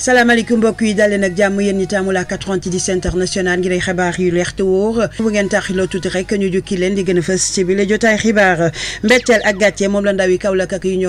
salaamaaleykum mbokk yi dalee nag jàmm yéen ñi taamu la 90 international ngir ay xibaar yu leer te wóor bu ngeen taxiloo tuuti rek ñu jukki leen di gën a fës ci bi la jotaay xibaar mbetteel yi Kaolack ak yu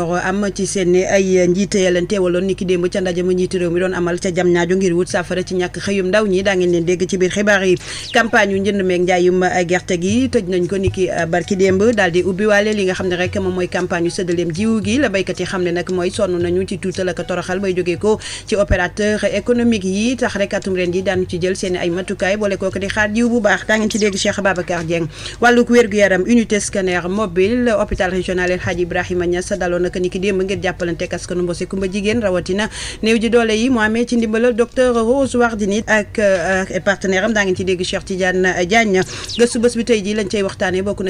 ci seen ay njiite ya leen teewaloon ni ki démb ca ndaje ma njiite réew mi doon amal ca jam ñaajo ngir wut saafara ci ñàkk xëyum ndaw ñi daa ngeen leen dégg ci biir xibaar yi campagne yu njënd meeg njaayum gerte gi tëj nañ ko ni ki euh, barki démb daal di ubbi waale li nga xam ne rek moom mooy campagne yu sëddaleem jiwu gi la yi xam ne nag mooy sonn nañu ci tuutal ak toroxal bay jógee ko ci opérateur économique yi tax rek ren ji daanu ci jël seen ay matukaay boole kooku di xaar jiw bu baax daa ngeen ci dégg Cheikh Babacar Dieng wàllug wér-gu-yaram unité scanner mobile hôpital régional El Hadji Ibrahima Niass daloon naka ni ki démb ngir jàppalante kaskanu Mbose Kumba jigéen rawatina néew ji doole yi mu amee ci ndimbalal docteur Rose Wardini ak euh, partenaire daa ngeen ci dégg Cheikh Tidiane Diagne gëstu bés bi tey jii lañ cey waxtaanee bokk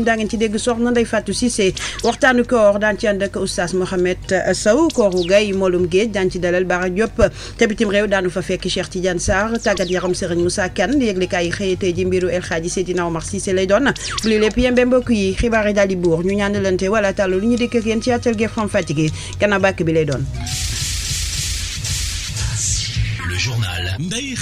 Xaadim daa ngeen ci dégg soxna Ndeye Fatou Cissé waxtaanu koor daan ci ànd ak oustaz Mohamed euh, Sow kooru gay moolum géej daan ci dalal Bara Diop te bitim réew daanu fa fekk Cheikh Tidiane Sarr tàggat yaram Serigne Moussa Kane yëglekaay yi xëy tey ji mbiru El Hadji Seydina Omar Cissé lay doon li lépp yembe mbokk yi xibaar yi daal di buur ñu ñaanalante wala tàllu lu ñu dikk ak yéen ci àttal gi xam fatigué gannaaw bàkk bi lay doon Le journal Ndeye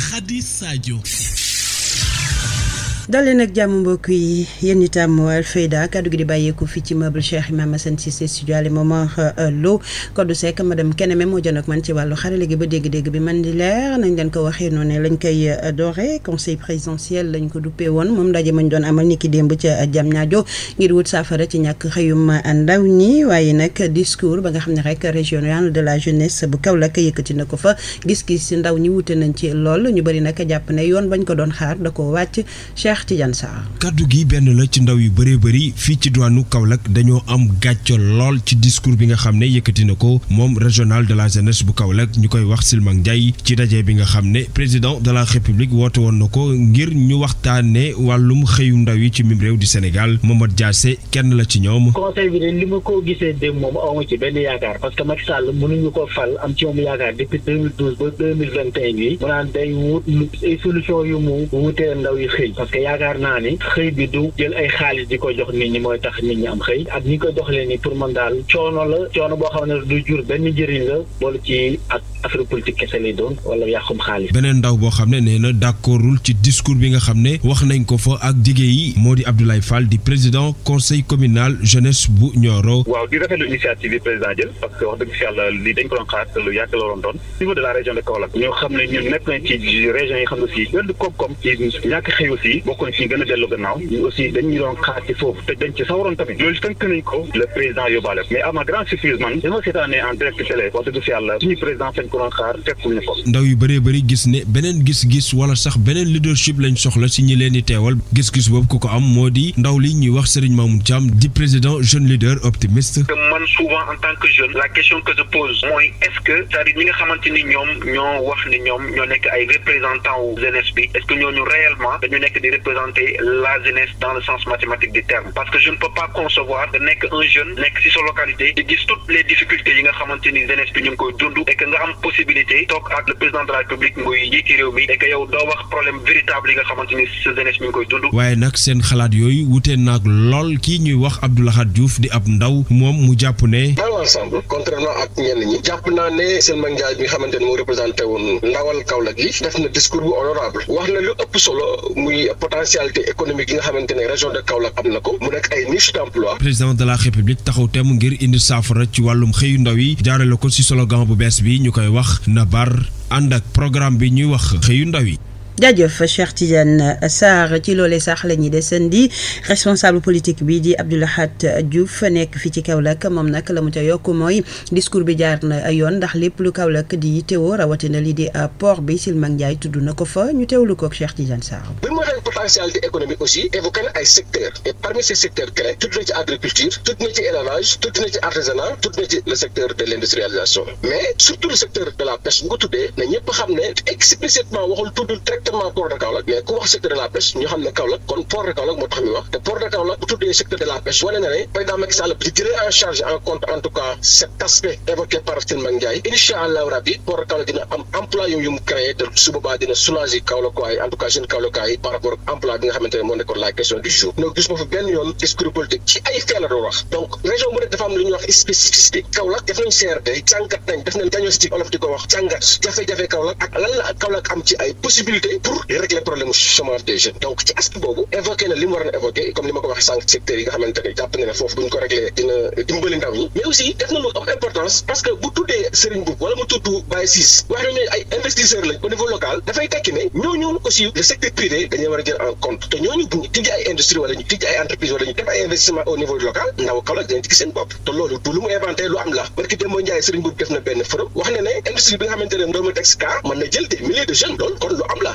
dalee nag jàmm mbokk yi yéen itam Alfayda kaddu gi di bàyyeeku fii ci meuble Cheikh Imam Assane Cissé studio Aly Momar euh, Lo Codou Seck madame Keneme moo jën ak man ci wàllu xarale gi ba dégg-dégg bi man di leer nañ leen ko waxee noonu lañ koy euh, doore conseil présidentiel lañ ko duppee woon moom ndaje mañ doon amal niki démb ca euh, Diamniadio ngir wut saafara ci ñàkk xëyum ndaw ñi waaye nag discours ba nga xam ne rek régional de la jeunesse bu Kaolack yëkkati na ko fa gis-gis ndaw ñi wute nañ ci lool ñu bëri nag jàpp ne yoon bañ ko doon xaar da Cheikh Tidiane Sarr. kaddu gi benn la ci ndaw yu bëree bëri fii ci diwaanu Kaolack dañoo am gàcce lool ci discours bi nga xam ne yëkkati na ko moom régional de la jeunesse bu Kaolack ñu koy wax Silmang Ndiaye ci daje bi nga xam ne président de la république woote woon na ko ngir ñu waxtaanee wàllum xëyu ndaw yi ci mim réew di Sénégal Momadou Diassé kenn la ci ñoom. conseil bi de li ma ko gisee démb moom a ma ci benn yaakaar parce que Macky mënuñu ko fal am ci moom yaakaar depuis yaakaar naa ni xëy bi du jël ay xaalis di ko jox nit ñi mooy tax nit ñi am xëy ak ni ko doxalee ni pour man daal coono la coono boo xam ne du jur benn la boolu ci ak affaire politique kese lay doon wala yàqum boo xam ne nee na d'accordul ci discours bi ne wax nañ ko fa ak jigéen moo di di président conseil communal jeunesse bu Nioro. waaw di rafetlu initiative bi président jël parce que wax dëgg si yàlla lii dañ ko nekk nañ ci région yi xam ne si bokkoon ci gën a dellu gannaaw ñu aussi dañ ñu doon xaar ci foofu te dañ ci sawaroon tamit loolu tënk nañ ko le président yóbbaale mais à ma grande surprise man dama seetaanee en direct télé wax dëgg fi yàlla suñu président fañ ko doon xaar fekkul ñu ko ndaw yu bëree bëri gis ne beneen gis-gis wala sax beneen leadership lañ soxla si ñi leen teewal gis-gis boobu ku ko am moo di ndaw li ñuy wax Serigne Mamoun Thiam di président jeune leader optimiste la question que je ñoo wax ni ñoom ñoo représenter la jeunesse dans le sens mathématique du terme parce que je ne peux pas concevoir de nekk un jeune nekk si sa localité di gis toutes les difficultés yi nga xamante jeunesse bi ñu koy dund et nga am possibilité toog ak le président de la république muy jiiti réew mi et que yow wax problème véritable yi nga xamante sa jeunesse mi ngi koy dund. waaye nag seen xalaat yooyu wute naag lool kii ñuy wax Abdou Lahad di ab ndaw moom mu jàpp na potentialité économique yi nga xamante ne région de Kaolack am na ko mu nekk ay niche d'emploi président de la république taxaw tem ngir indi saafara ci wàllum xëyu ndaw yi jaarale ko si slogan bu bees bi ñu koy wax na bar ànd ak programme bi ñuy wax xëyu ndaw yi jaajëf Cheikh Tidiane Sarr ci loolee sax la ñuy desandi responsable politique bi di Abdou Lahad Diouf nekk fii ci Kaolack moom nag la mu ca yokk mooy discours bi jaar na yoon ndax lépp lu Kaolack di teewoo rawatina lii di port bi Silmang Ndiaye tudd na ko fa ñu teewlu koog Cheikh Tidiane Sarr. bi mu waxee potentialité économique aussi évoqué na ay secteurs et parmi ces secteurs clés tudd na ci agriculture tudd na ci élevage tudd na ci artisanat tudd na ci le secteur l' industrialisation mais surtout le secteur de la pêche bu ko tuddee na ñëpp xam directement port de dina am emploi yi par rapport emploi bi nga xamante moo nekkoon la question du jour donc gis ma fa benn yoon discours am lu ñuy wax spécificité Kaolack def nañ CRD jàngat nañ def nañ diagnostic olof di ko wax jàngat jafe-jafe Kaolack ak lan la Kaolack am ci ay possibilité pour di régler problème chômage des jeunes donc ci aspect boobu évoqué na li war a évoqué comme ni ma ko wax sànq secteurs yi nga xamante jël en compte de jeunes loolu kon lu am la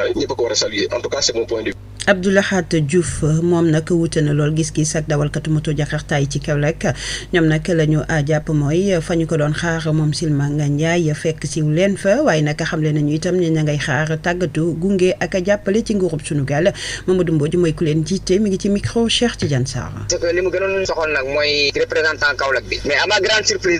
là ñëpp a ko en tout cas c'est point de Abdou Lahad Diouf moom nag wute na lool gis-gis ak dawalkatu moto jakartaay ci Kaolack ñoom nag la ñu ah, jàpp mooy ko doon xaar moom Silmanga Ndiaye fekk siw leen fa waaye nag xamle nañu itam ne ña ngay xaar tàggatu gunge ak jàppale ci nguurub Sunugal Mamadou Mbodj mooy ku leen jiite mi ngi ci micro Cheikh Tidiane Sarr. parce que li mu gënoon soxal nag mooy représentant Kaolack bi ma grande surprise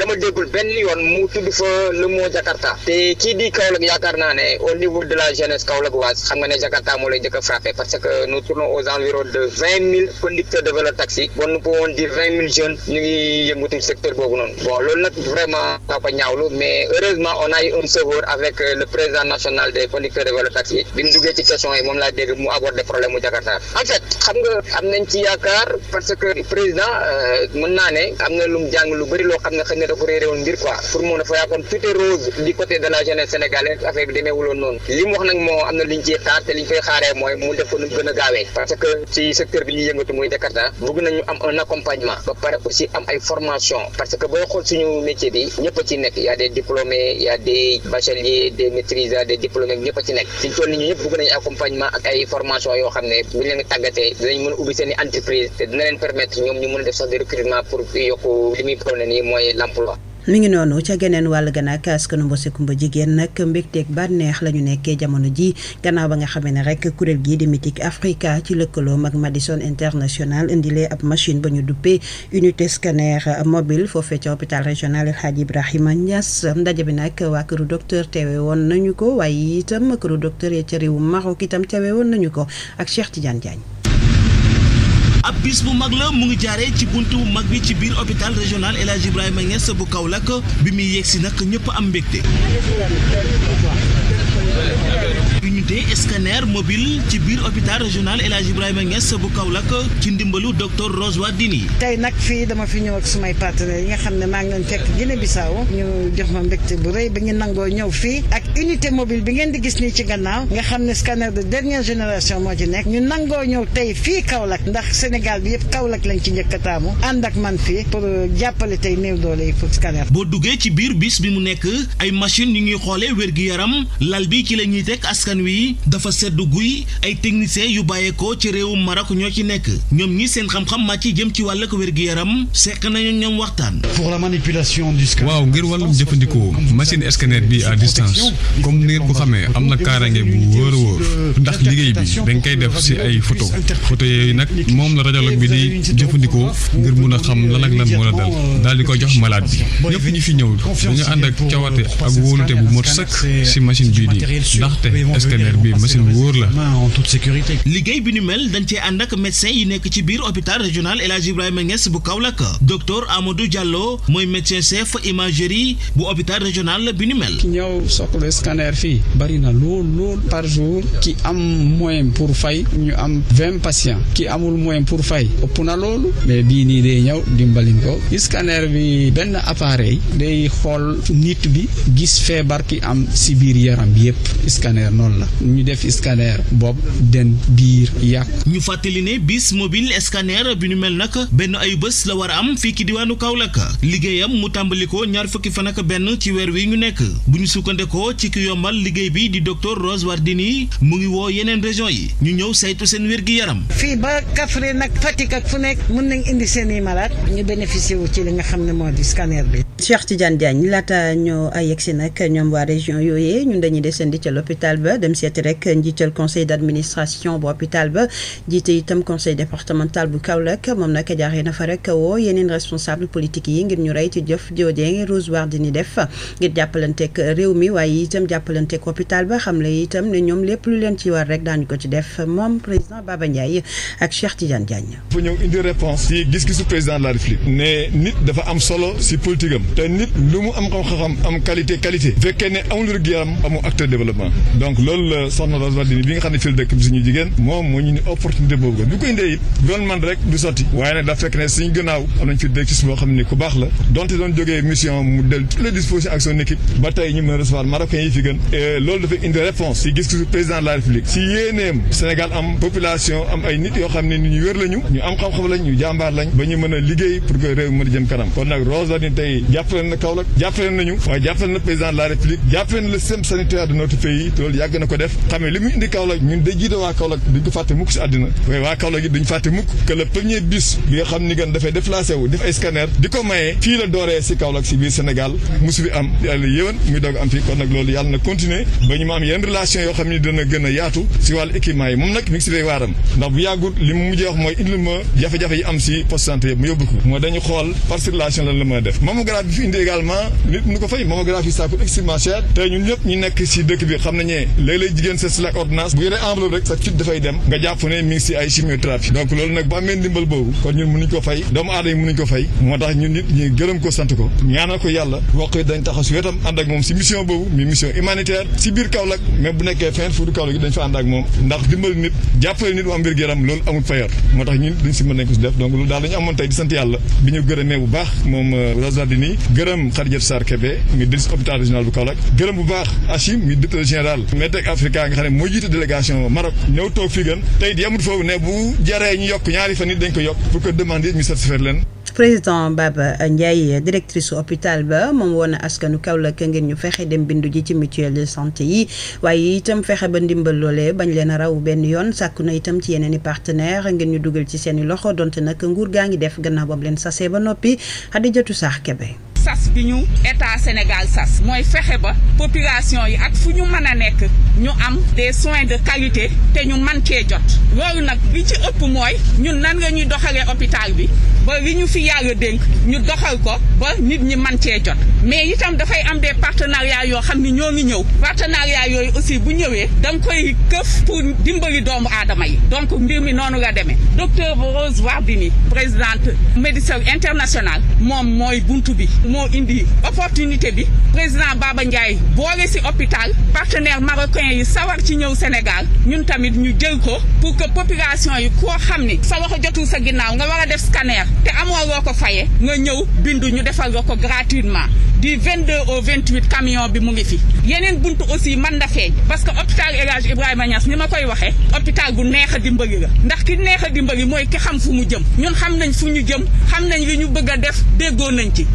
yoon mu tudd fa le mot Jakarta te kii di yaakaar naa ne au niveau de la jeunesse Kaolack waas xam nga ne Jakarta moo lay jëkk a nous tournons aux environs de vingt mille conducteurs de vélo taxi bon nous pouvons dire vingt mille jeunes ñu ngi yëngatu ci boobu noonu bon loolu nag vraiment daa ko ñaawlu mais heureusement on a eu un avec euh, le président national des conducteurs de vélo taxi bi mu duggee ci question yi moom laa dégg mu abordé problème mu Jakarta en fait xam nga am nañ ci yaakaar parce que président euh, mën naa ne am na lu mu jàng lu bëri loo xam ne xëy gën a gaawee parce que ci secteur bi ñuy yëngatu muy Jakarta bëgg nañu am accompagnement ba pare aussi am ay formation parce que booy xool suñu métier bi ñëpp a nekk y a des diplômés y a des bacheliers des maîtrises des diplômés ñëpp nekk suñ toll ñu ñëpp bëgg nañu accompagnement ak ay formation yoo xam ne buñ leen tàggatee dinañ mën ubbi seen entreprise te dina leen permettre ñoom ñu mën def sax des recrutement pour yokku li muy problème yi mooy l'emploi mi ngi noonu ca geneen wàll ga nag askanu Mbossé Kumba jigéen nag mbégteeg bànneex la ñu nekkee jamono ji gannaaw ba nga xamee ne rek kuréel gii di Mitik Africa ci lëkkaloom ak Madison International indilee ab machine ba ñu duppee unité scanner mobile foofee ca hôpital régional El Hadj Ibrahima Niass ndaje bi nag waa këru docteur teewe woon nañu ko waaye itam këru docteur ya ca réewu Maroc itam teewe woon nañu ko ak Cheikh Tidiane Diagne. ab bis bu mag la mu ngi jaaree ci bunt bu mag bi ci biir hôpital régional El Hadj Ibrahima Niass bu Kaolack bi muy yegsi nag ñëpp am mbégte unité scanner mobile ci biir hôpital régional El Hadj Ibrahima Niass bu Kaolack ci ndimbalu docteur Rose Wardini. tey nag fii dama fi ñëw ak sumay partenaires yi nga xam ne maa ngi leen fekk Guinée Bissau ñu jox ma mbégte bu rëy ba ñu nangoo ñëw fii ak unité mobile bi ngeen di gis nii ci gannaaw nga xam ne scanner de dernière génération moo ci nekk ñu nangoo ñëw tey fii Kaolack ndax Sénégal bi yëpp Kaolack lañ ci njëkk a taamu ànd ak man fii pour jàppale tey néew doole yi pour scanner. boo duggee ci biir bis bi mu nekk ay machine ñuy xoolee wér-gi-yaram yi dafa seddu guy ay techniciens yu bàyyeekoo ci réewum Maroc ñoo ci nekk ñoom ñi seen xam-xam màcc jëm ci wàllug wér-gu-yaram seq nañu ñoom waxtaan. pour la manipulation du scanner. waaw ngir wàllum jëfandikoo machine scanner bi à distance comme ni ngeen ko xamee am na kaaraange bu wóor a wóor ndax liggéey bi dañ koy def si ay photo photo yooyu nag moom la radiologue bi di jëfandikoo ngir mun a xam lan ak moo la dal daal di ko jox malade bi ñëpp ñu fi ñëw dañu ànd ak cawate ak wóolute bu mot sëkk si bii di ndaxte scanner scanner bi machine liggéey bi ñu mel dañ cee ànd ak médecin yi nekk ci biir hôpital régional El Hadj Ibrahima Niass bu Kaolack docteur Amadou Diallo mooy médecin chef imagerie bu hôpital régional bi ñu mel. ki ñëw soxla scanner fii bari na lool lool par jour ki am moyen pour fay ñu am vingt patients ki amul moyen pour fay ëpp na loolu mais bii nii day ñëw dimbalin ko scanner bi benn appareil day xool nit bi gis feebar ki am si biir yaram bi yëpp scanner la ñu def scanner bopp den biir yàq. ñu fàttali ne bis mobile scanner bi ñu mel nag benn ay bés la war a am fii ci diwaanu Kaolack liggéeyam mu tàmbali ko ñaar fukki fa ak benn ci weer wi ñu nekk bu ñu sukkandekoo ci ki yombal liggéey bi di docteur Rose Wardini mu ngi woo yeneen région yi ñu ñëw saytu seen wér gi yaram. fii ba Kaffrine nag Fatick ak fu nekk mën nañ indi seen i malade ñu bénéficié wu ci li nga xam ne moo di scanner bi. Cheikh Tidiane Diagne laata ñoo ay yegsi nag ñoom waa région yooyee ñun dañuy desandi ca l'hôpital ba seeti rek njiital conseil d' administration bu hôpital ba jiite itam conseil départemental bu Kaolack moom nag jaaxee na fa rek woo yeneen responsable politique yi ngir ñu rey ci jëf joojee Rose Wardini ngir jàppalanteeg réew mi waaye itam jàppalanteeg hôpital ba xam la itam ne ñoom lépp lu leen ci war rek daañu ko ci def moom président Baba Ndiaye ak Cheikh Tidiane Diagne. fu ñëw indi réponse ci gis-gisu président de la République ne nit dafa am solo ci politique am te nit lu mu am xam-xam am qualité qualité fekkee ne la soxna Rose Wardini bi nga xam ne fii la dëkk bi suñu jigéen moom moo ñu ni opportunité boobu bu ko indee it gouvernement rek du sotti waaye nag dafa fekk ne suñu gannaaw am nañ fi directrice boo xam ne ku baax la donte doon jógee mission mu les dispositions ak son ba tey ñu mën a recevoir yi fi gën loolu dafa indi réponse si gis-gisu président la république si yéeneem Sénégal am population am ay nit yoo xam ne ni ñu wér lañu ñu am xam-xam a a def xam ne li muy indi Kaolack ñun day jiite waa Kaolack duñ ko fàtte mukk si àddina waaye waa Kaolack yi duñ fàtte mukk que le premier bi xam ni gan dafay déplacé wu def ay scanner di ko mayee fii la dooree si Kaolack si biir Sénégal mosu fi am yàlla yéwén muy doog am fii kon nag loolu yàlla na continuer ba ñu ma am yenn relation yoo xam ni dina gën a yaatu si wàllu équipement yi moom nag mi ngi si day waaram ndax bu yàggut li mu mujjee wax mooy jigéen seet si la ak ordonnance bu yoree enveloppe rek sa fit dafay dem nga jàpp ne mi ngi si ay chimiothérapie donc loolu nag bu amee ndimbal boobu kon ñun mënuñ ko fay doomu aadama yi mënuñ ko fay moo tax ñun nit ñi gërëm ko sant ko ñaanal ko yàlla wax dañ taxaw si wetam ànd ak moom si mission boobu mi mission humanitaire si biir Kaolack mais bu nekkee fenn fu du dañ fa ànd ak moom ndax dimbal nit jàppale nit bu mbir yaram loolu amul fayar moo tax Africa nga moo jiite délégation Maroc ñëw toog fii gën tey it yemut foofu ne bu jaree ñu yokk ñaari fan ko yokk pour que demande président Baba Ndiaye directrice su hôpital ba moom woon na askanu Kaolack ngir ñu fexe dem bindu ji ci mutuel de santé yi waaye itam fexe ba ndimbal loolee bañ leen a raw benn yoon sàkku na itam ci yeneen i a ngir ñu dugal ci seeni loxo donte nag nguur gaa ngi def gannaaw boobu leen sasee ba noppi jotu Saax Kebe sas bi ñu état Sénégal sas mooy fexe ba population yi ak fu ñu mën a nekk ñu am des soins de qualité te ñu man cee jot loolu nag li ci ëpp mooy ñun nan nga ñuy doxalee hôpital bi ba li ñu fi yàlla dénk ñu doxal ko ba nit ñi man cee jot mais itam dafay am des partenariats yoo xam ni ñoo ngi ñëw partenariat yooyu aussi bu ñëwee danga nga koy këf pour dimbali doomu aadama yi donc mbir mi noonu la demee docteur Rose Wardini présidente Médecins international moom mooy buntu bi moo indi opportunité bi président Baba Ndiaye boole si hôpital partenaire marocain yi sawar ci ñëw Sénégal ñun tamit ñu jël ko pour que population yi koo xam ni sa loxo jotul sa ginnaaw nga war a def scanner te amoo loo ko faye nga ñëw bindu ñu defal la ko di vingt du 22 vingt 28 camion bi mu ngi fi yeneen buntu aussi man na feeñ parce que hôpital El Hadj Ibrahima Niass ni ma koy waxee hôpital bu neex a dimbali la ndax ki neex a dimbali mooy ki xam fu mu jëm ñun xam nañ fu ñu jëm xam nañ li ñu bëgg a def déggoo nañ ci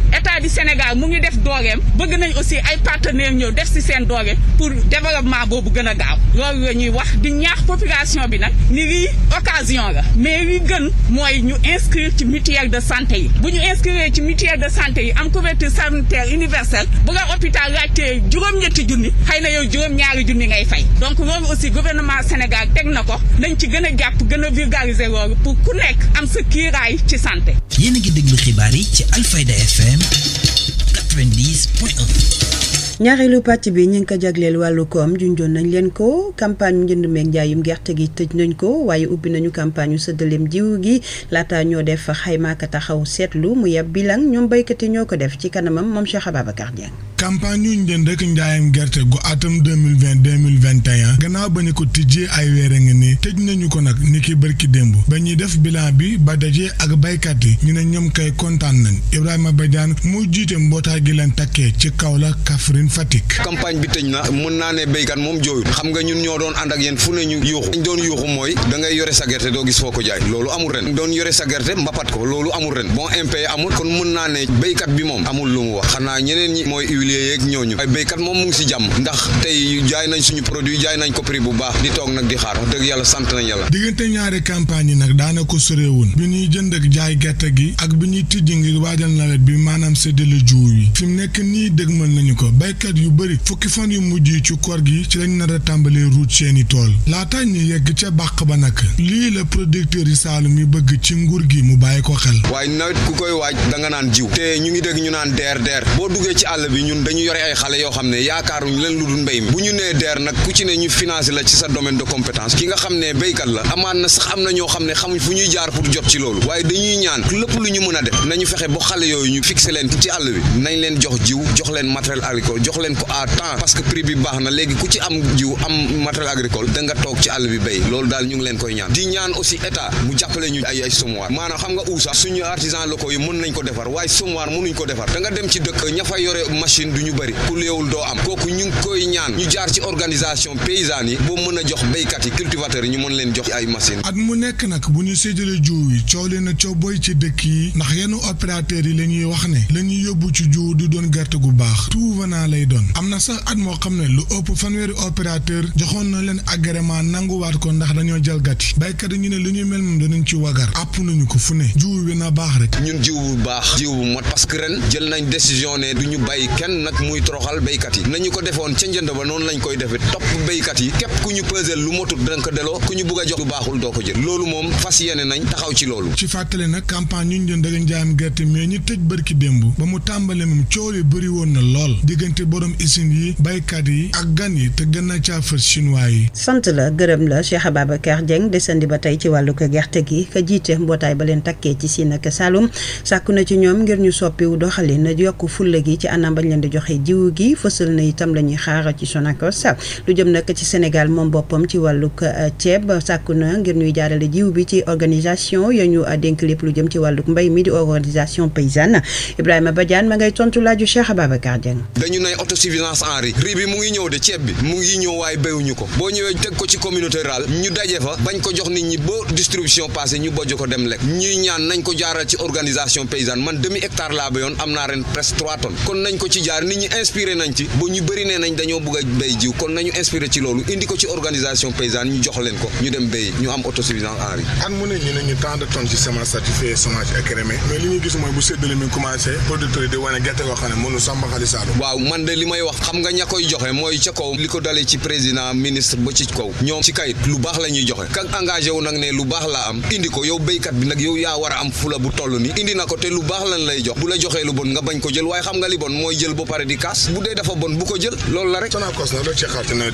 Sénégal mu ngi def doogeem bëgg nañ aussi ay partenaires ñëw def si seen dooge pour développement boobu gën a gaaw loolu la ñuy wax di ñaax population bi nag ni lii occasion la mais li gën mooy ñu inscrire ci mutuelle de santé yi bu ñu inscrire ci mutuelle de santé yi am couverture sanitaire universelle bu la hôpital laajtee juróom-ñetti junni xëy na yow juróom-ñaari junni ngay fay donc loolu aussi gouvernement Sénégal teg na ko nañ ci gën a jàpp gën a vulgariser loolu pour ku nekk am sa kiiraay ci santé. yéen a ngi déglu yi ci Alfayda 90 ñaareelu pàcc bi ñu ngi ko jagleel wàllu koom junjoon nañ leen ko campagne njënd meeg njaayum gerte gi tëj nañ ko waaye ubbi nañu campagne yu sëddaleem jiw gi laata ñoo def xaymaaka taxaw seetlu mu yab bilang ñoom béykat yi ñoo ko def ci kanamam moom Cheikh Ababacar Dieng campagne ñu njënd ak njaayam gerte gu atam 2020 2021 gannaaw ba ñu ko tijjee ay weer a ngi nii tëj nañu ko nag ni ki bërki démb ba ñuy def bilan bi ba dajee ak baykat yi ñu ne ñoom kay kontaan nañ Ibrahima Badiane mu jiite mbootaay gi leen takkee ci Kaolack Kaffrine Fatick. campagne bi tëj na mën naa ne béykat moom jooyul xam nga ñun ñoo doon ànd ak yéen fu ne ñu yuuxu dañ doon yuuxu mooy dangay yore sa gerte doo gis foo ko jaay loolu amul ren doon yore sa gerte mbapat ko loolu amul ren bon impayé amul kon mën naa ne béykat bi moom amul lu mu wax particulier yeeg ñooñu ay béykat moom mu ko prix bu baax di toog nag di xaar wax dëgg yàlla sant nañ yàlla diggante ñaari campagne yi nag daanaka soreewun bi ñuy jënd ak jaay gerte gi ak bi ñuy tijji ngir waajal nawet bi maanaam séddale jiw yi fi mu nekk nii dëgmal nañu ko béykat yu bëri fukki fan yu mujj ci koor gi ci lañ nar a tàmbalee ruuj seeni tool laata ñu yegg ca bàq ba nag lii la producteur yi Saalum yi bëgg ci nguur gi mu bàyyi ko xel waaye nawet ku koy waaj da nga naan jiw te ñu ngi dégg ñu naan deer deer boo duggee ci àll bi ñu ñun dañu yore ay xale yoo xam ne yaakaaruñ leen lu dul mbéy mi bu ñu nee DER nag ku ci ne ñu financé la ci sa domaine de compétence ki nga xam ne béykat la amaan na sax am na ñoo xam ne xamuñ fu ñuy jaar pour jot ci loolu waaye dañuy ñaan lépp lu ñu mën a def nañu fexe ba xale yooyu ñu fixé leen ci àll bi nañ leen jox jiw jox leen matériel agricole jox leen ko à temps parce que prix bi baax na léegi ku ci am jiw am matériel agricole da nga toog ci àll bi béy loolu daal ñu ngi leen koy ñaan di ñaan aussi état mu jàppale ñu ay ay semoir maanaam xam nga uusa suñu artisan locaux yi mën nañ ko defar waaye semoir mënuñ ko defar da nga dem ci dëkk njëriñ du ñu bëri ku léewul doo am kooku ñu ngi koy ñaan ñu jaar ci organisation paysanne yi boo mën a jox béykat yi cultivateurs yi ñu mën leen jox ay machine at mu nekk nag bu ñu séddale jiw yi coow leen na coow boy ci dëkk yi ndax yenn opérateurs yi la ñuy wax ne la ñuy yóbbu ci jiw du doon gerte gu baax tout-venant lay doon am na sax at moo xam ne lu ëpp fanweeri opérateur joxoon na leen agrément nanguwaat ko ndax dañoo jalgati béykat yi ñu ne lu ñuy mel moom danañ ci wagar àpp nañu ko fu ne jiw baax rek ñun jiw bu baax jiw bu mot parce que ren jël nañ décision ne duñu bàyyi kenn kenn nag muy toroxal béykat yi nañu ko defoon ca njënd ba noonu lañ koy defe topp béykat yi képp ku ñu pësel lu motut danga ko deloo ku ñu bugg a jox lu baaxul doo ko jël loolu moom fas yéene nañ taxaw ci loolu ci fàttali nag campagne ñu njënd ak njaayam gerte mais ñi tëj bërki démb ba mu tàmbale coow li bëri na lool diggante borom usine yi béykat yi ak gan yi te gën na caa fës chinois yi sant la gërëm la Cheikh Ababacar Dieng ba tey ci wàllu di joxe jiw gi fësal na itam la ñuy xaar ci Sonacos lu jëm nag ci Sénégal moom boppam ci wàllug euh, ceeb sàkku na ngir ñuy jaarale jiw bi ci organisation ya ñu euh, dénk lépp lu jëm ci wàllug mbay mi di organisation paysanne Ibrahima Badiane ma ngay tontu laaju Cheikh Ababacar Dieng dañu ne autosuffisance en riz riz bi mu ngi ñëw de ceeb bi mu ngi ñëw waaye béyuñu ko boo ñëwee teg ko ci communauté rurale ñu daje fa bañ ko jox nit ñi ba distribution passé ñu bojj ko dem lekk ñuy ñaan ko jaaral ci organisation paysanne man demi hectare laa béyoon am naa ren presque trois tonnes kon nañ ko ci jaar Dakar nit ñi inspiré nañ ci ba ñu bëri nee nañ dañoo bëgg a béy jiw kon nañu inspiré ci loolu indi ko ci organisation paysanne ñu jox leen ko ñu dem béy ñu am autosuffisance en riz. at mu ne ñu ne ñu tant de tonnes mooy commencé producteurs yi di wane xam ne mënu sàmba xali saalum waaw man de li wax xam nga ña koy joxe mooy ca kaw li ko dalee ci président ministre ba ci kaw ñoom ci kayit lu baax la ñuy joxe kak engagé wu nag ne lu baax la am indi ko yow béykat bi nag yow yaa war a am fula bu toll ni indi na ko te lu baax lan lay jox bu la joxee lu bon nga bañ ko jël waaye xam nga li bon mooy jël bopp pare di kaas bu dee dafa bon bu ko jël loolu la rek. Sonacos nag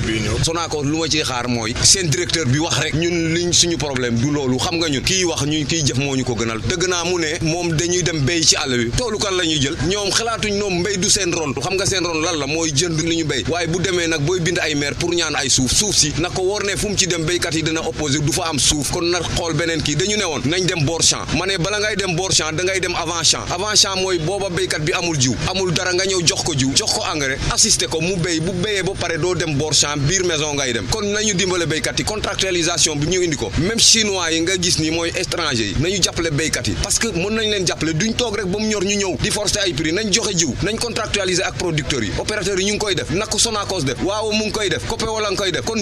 loo lu ma ciy xaar mooy seen directeur bi wax rek ñun ñu suñu problème du loolu xam nga ñun kii wax ñu kii jëf moo ñu ko gënal dëgg naa mu ne moom dañuy dem béy ci àll bi toolu kan la ñuy jël ñoom xalaatuñ ñoom mbéy du seen ron xam nga seen ron lan la mooy jënd li ñu béy waaye bu demee nag booy bind ay maire pour ñaan ay suuf suuf si na ko wóor ne fu mu ci dem béykat yi dina opposé du fa am suuf kon na xool beneen kii dañu ne woon nañ dem boor champ ma ne bala ngay dem boor da ngay dem avant champ mooy booba béykat bi amul jiw amul dara ñëw jox ko jiw jox ko engrais assister ko mu béy bu béyee ba pare doo dem bor biir maison ngay dem kon nañu dimbale béykat yi contractualisation bi ñu indi ko même chinois yi nga gis ni mooy étranger yi nañu jàppale béykat yi parce que mën nañ leen jàppale duñ toog rek ba mu ñor ñu ñëw di forcer ay prix nañ joxe jiw nañ contractualiser ak producteurs yi opérateurs yi ñu ngi koy def nako Sonacos def waaw mu ngi koy def COPEOL wala nga koy def kon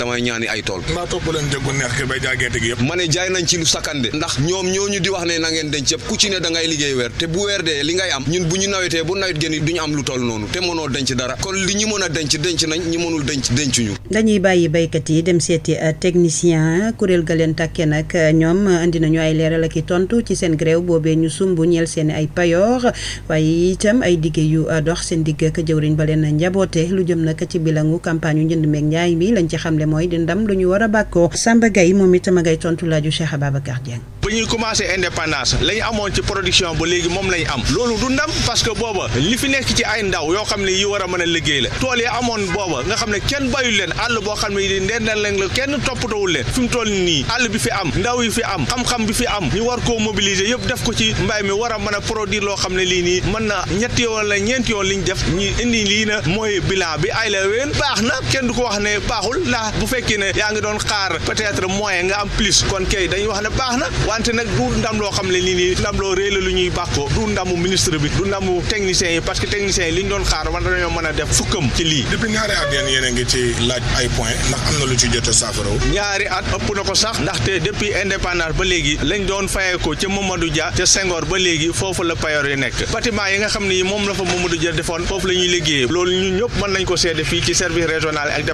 damay ñaani ay tool mbaa topp leen njëgu neex ki bay jaay gerte gi yëpp ma ne jaay nañ ci lu sakkan de ndax ñoom ñooñu di wax ne na ngeen denc yëpp ku ci ne da liggéey weer te bu weer dee li ngay am ñun bu ñu nawetee bu nawet génn duñu am lu toll noonu te mënoo denc dara kon li ñu mën a denc denc nañ ñi mënul denc dencuñu dañuy bàyyi baykat dem seeti euh, technicien kuréel ga leen tàkkee nag euh, ñoom indi nañu ay leeral ak i tontu ci seen grève boobee ñu sumb ñeel seen ay payoor yu euh, dox seen digg ak ba leen njaboote lu jëm nag ci bilangu mooy di ndam lu ñu war a bàkkoo Samba Gaye moom itam a ngay tontu laaju Cheikh Ababacar Dieng bi ñuy commencé indépendance la ñu amoon ci production ba léegi moom la ñu am loolu du ndam parce booba li fi nekk ci ay ndaw yoo xam ne yi war a mën a liggéey la tool yi amoon booba nga xam ne kenn bàyyu leen àll boo xam ne yi nen leen la kenn toppatawul leen fi mu toll nii àll bi fi am ndaw yi fi am xam-xam bi fi am ñu war koo mobiliser yëpp def ko ci mbay mi war a mën a produire loo xam ne lii nii mën na ñetti yoon la ñeenti yoon liñ def ñu indi lii na mooy bilan bi ay la ween baax na kenn du ko wax ne baaxul ndax bu fekkee ne yaa ngi doon xaar peut-être moyen nga am plus kon wax ne baax wante nag du ndam loo xam ne nii nii ndam loo réy la lu ñuy bàkkoo du ndamu ministre bi du ndamu techniciens yi parce que techniciens yi li ñu doon xaar war nañoo mën a def fukkam ci lii depuis ñaari at ëpp na ko sax ndaxte depuis indépendance ba léegi lañ doon fayee ko ca Mamadou Dia ca Senghor ba léegi foofu la payoor yi nekk bâtiment yi nga xam ne yi moom la fa Mamadou Dia defoon foofu la ñuy loolu ñun ñëpp mën nañ ko seede fii ci service régional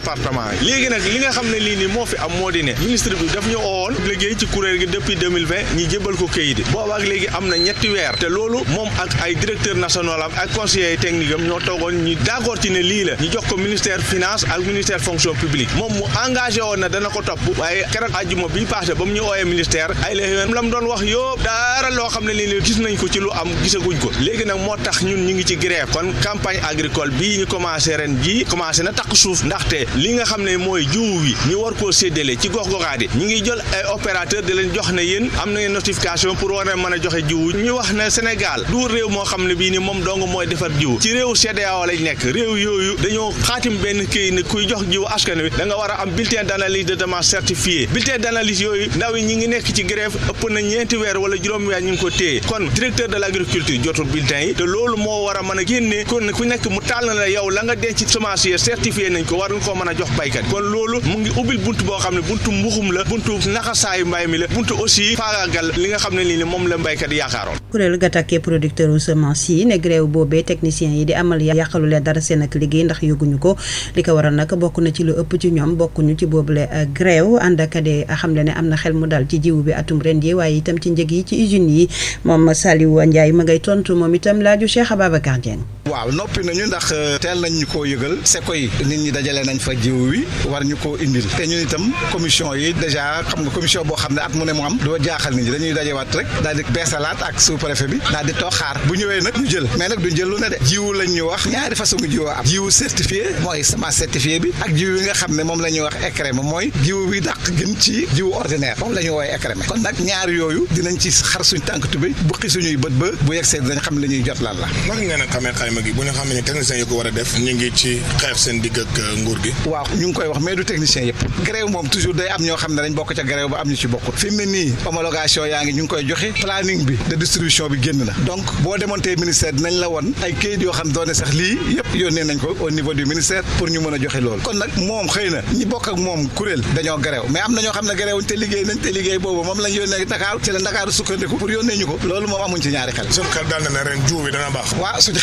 mai ñi jébal ko kayit yi ak léegi am na ñetti weer te loolu moom ak ay directeur national am ay conseiller technique am ñoo toogoon ñu d'accord ci ne lii la ñu jox ko ministère finance ak ministère fonction publique moom mu engagé woon na dana ko topp waaye keroog àjjuma bi passé ba mu ñu ooyee ministère ay léegi la mu doon wax yëpp dara loo xam ne lii gis nañ ko ci lu am gisaguñ ko léegi nag moo tax ñun ñu ngi ci grève kon campagne agricole bii ñu commencé ren jii commencé na takk suuf ndaxte li nga xam ne mooy jiwu wi ñu war koo séddale ci gox goxaat yi ñu ngi jël ay opérateur di leen jox ne yéen am na nañu notification pour war a mën a joxe jiw ñu wax ne Sénégal du réew moo xam ne bii ni moom dong mooy defar jiw ci réew CEDEAO lañ nekk réew yooyu dañoo xaatim benn kii ne kuy jox jiwu askan wi da nga war a am bulletin d'analyse de demande certifié bulletin d'analyse yooyu ndaw yi ñu ngi nekk ci grève ëpp na ñeenti weer wala juróom weer ñu ngi ko téye kon directeur de l'agriculture jotul bulletin yi te loolu moo war a mën a génne kon ku nekk mu tàll na yow la nga denc semence yi certifié nañ ko war nga mën a jox baykat kon loolu mu ngi ubbil bunt boo xam ne buntu mbuxum la buntu naxasaayu mbay mi la buntu faagaagal li nga xam ne nii moom la mbéykat yi yaakaaroon. kuréel ga takkee producteur u semence yi ne grève boobee technicien yi di amal yàqalu leen dara seen ak liggéey ndax yëguñu ko li ko waral nag bokk na ci lu ëpp ci ñoom bokkuñu ci boobule euh, grève ànd ak de euh, xam ne ne am na xel mu dal ci jiw bi atum ren ji waaye itam ci njëg yi ci usines yi moom Saliou njaay ma ngay tontu moom itam laaju Cheikh Ababacar Dieng. waaw noppi nañu ndax euh, teel nañ ñu koo yëgal c'est koy nit ñi dajale nañ jiw wi war ñu koo indil te ñun itam commission yi déjà xam nga commission boo xam ne at mu mu am jaaxal nit ñi dañuy dajewaat rek daal di beesalaat ak sous préfet bi daal toog xaar bu ñëwee nag ñu jël mais nag duñ jël ne de jiwu lañ wax ñaari façon jiwu am jiwu moom la ñuy wax écrémé mooy jiwu bi dàq gën ci jiwu ordinaire moom la ñuy woowee écrémé kon nag ñaar yooyu dinañ ci xar suñ tànk tubéy buqi suñuy bët ba bu yegsee dinañ xam li ñuy jot lan la naka ngeen a xamee xayma gi bu ñu xamee ne technicien yi ko war a def ñu ngi ci xeex seen digg ak euh, nguur gi waaw ñu ngi koy wax mais du technicien yëpp grève moom toujours day am ñoo allocation yaa ngi ñu ngi koy joxe planning bi de distribution bi génn na donc boo demoon ministère dinañ la won ay kayit yoo xam doone sax lii yëpp yónnee nañ ko au niveau du ministère pour ñu mën a joxe loolu kon nag moom xëy na ñi bokk ak moom kuréel dañoo gareew mais am na ñoo xam ne gareewuñ te te liggéey boobu moom lañ yónnee Dakar ci la Dakar sukkandiku pour yónnee ñu ko loolu moom amuñ ci ñaari xel suñu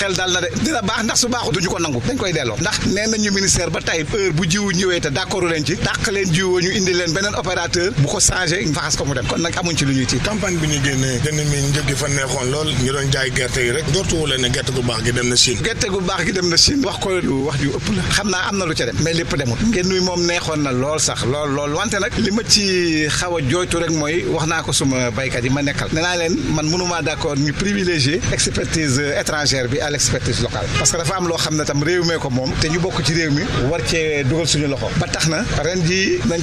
xel daal na de dina baax ndax su ba nañ ci lu ñuy tiit campagne bi ñu génnee gën mi njëg fa neexoon lool ñu doon jaay gerte yi rek doortuwu ne gerte gu baax gi dem na Chine gerte gu baax gi dem na Chine wax ko wax ju ëpp la xam naa am na lu ca dem mais lépp demut ngeen nuy moom neexoon na lool sax lool lool wante nag li ma ci xaw a jooytu rek mooy wax naa ko suma baykat yi ma nekkal nee naa leen man mënumaa d'accord ñu privilégier expertise étrangère bi à l'expertise locale parce que loo xam ne tam réew mee ko na ren ji nañ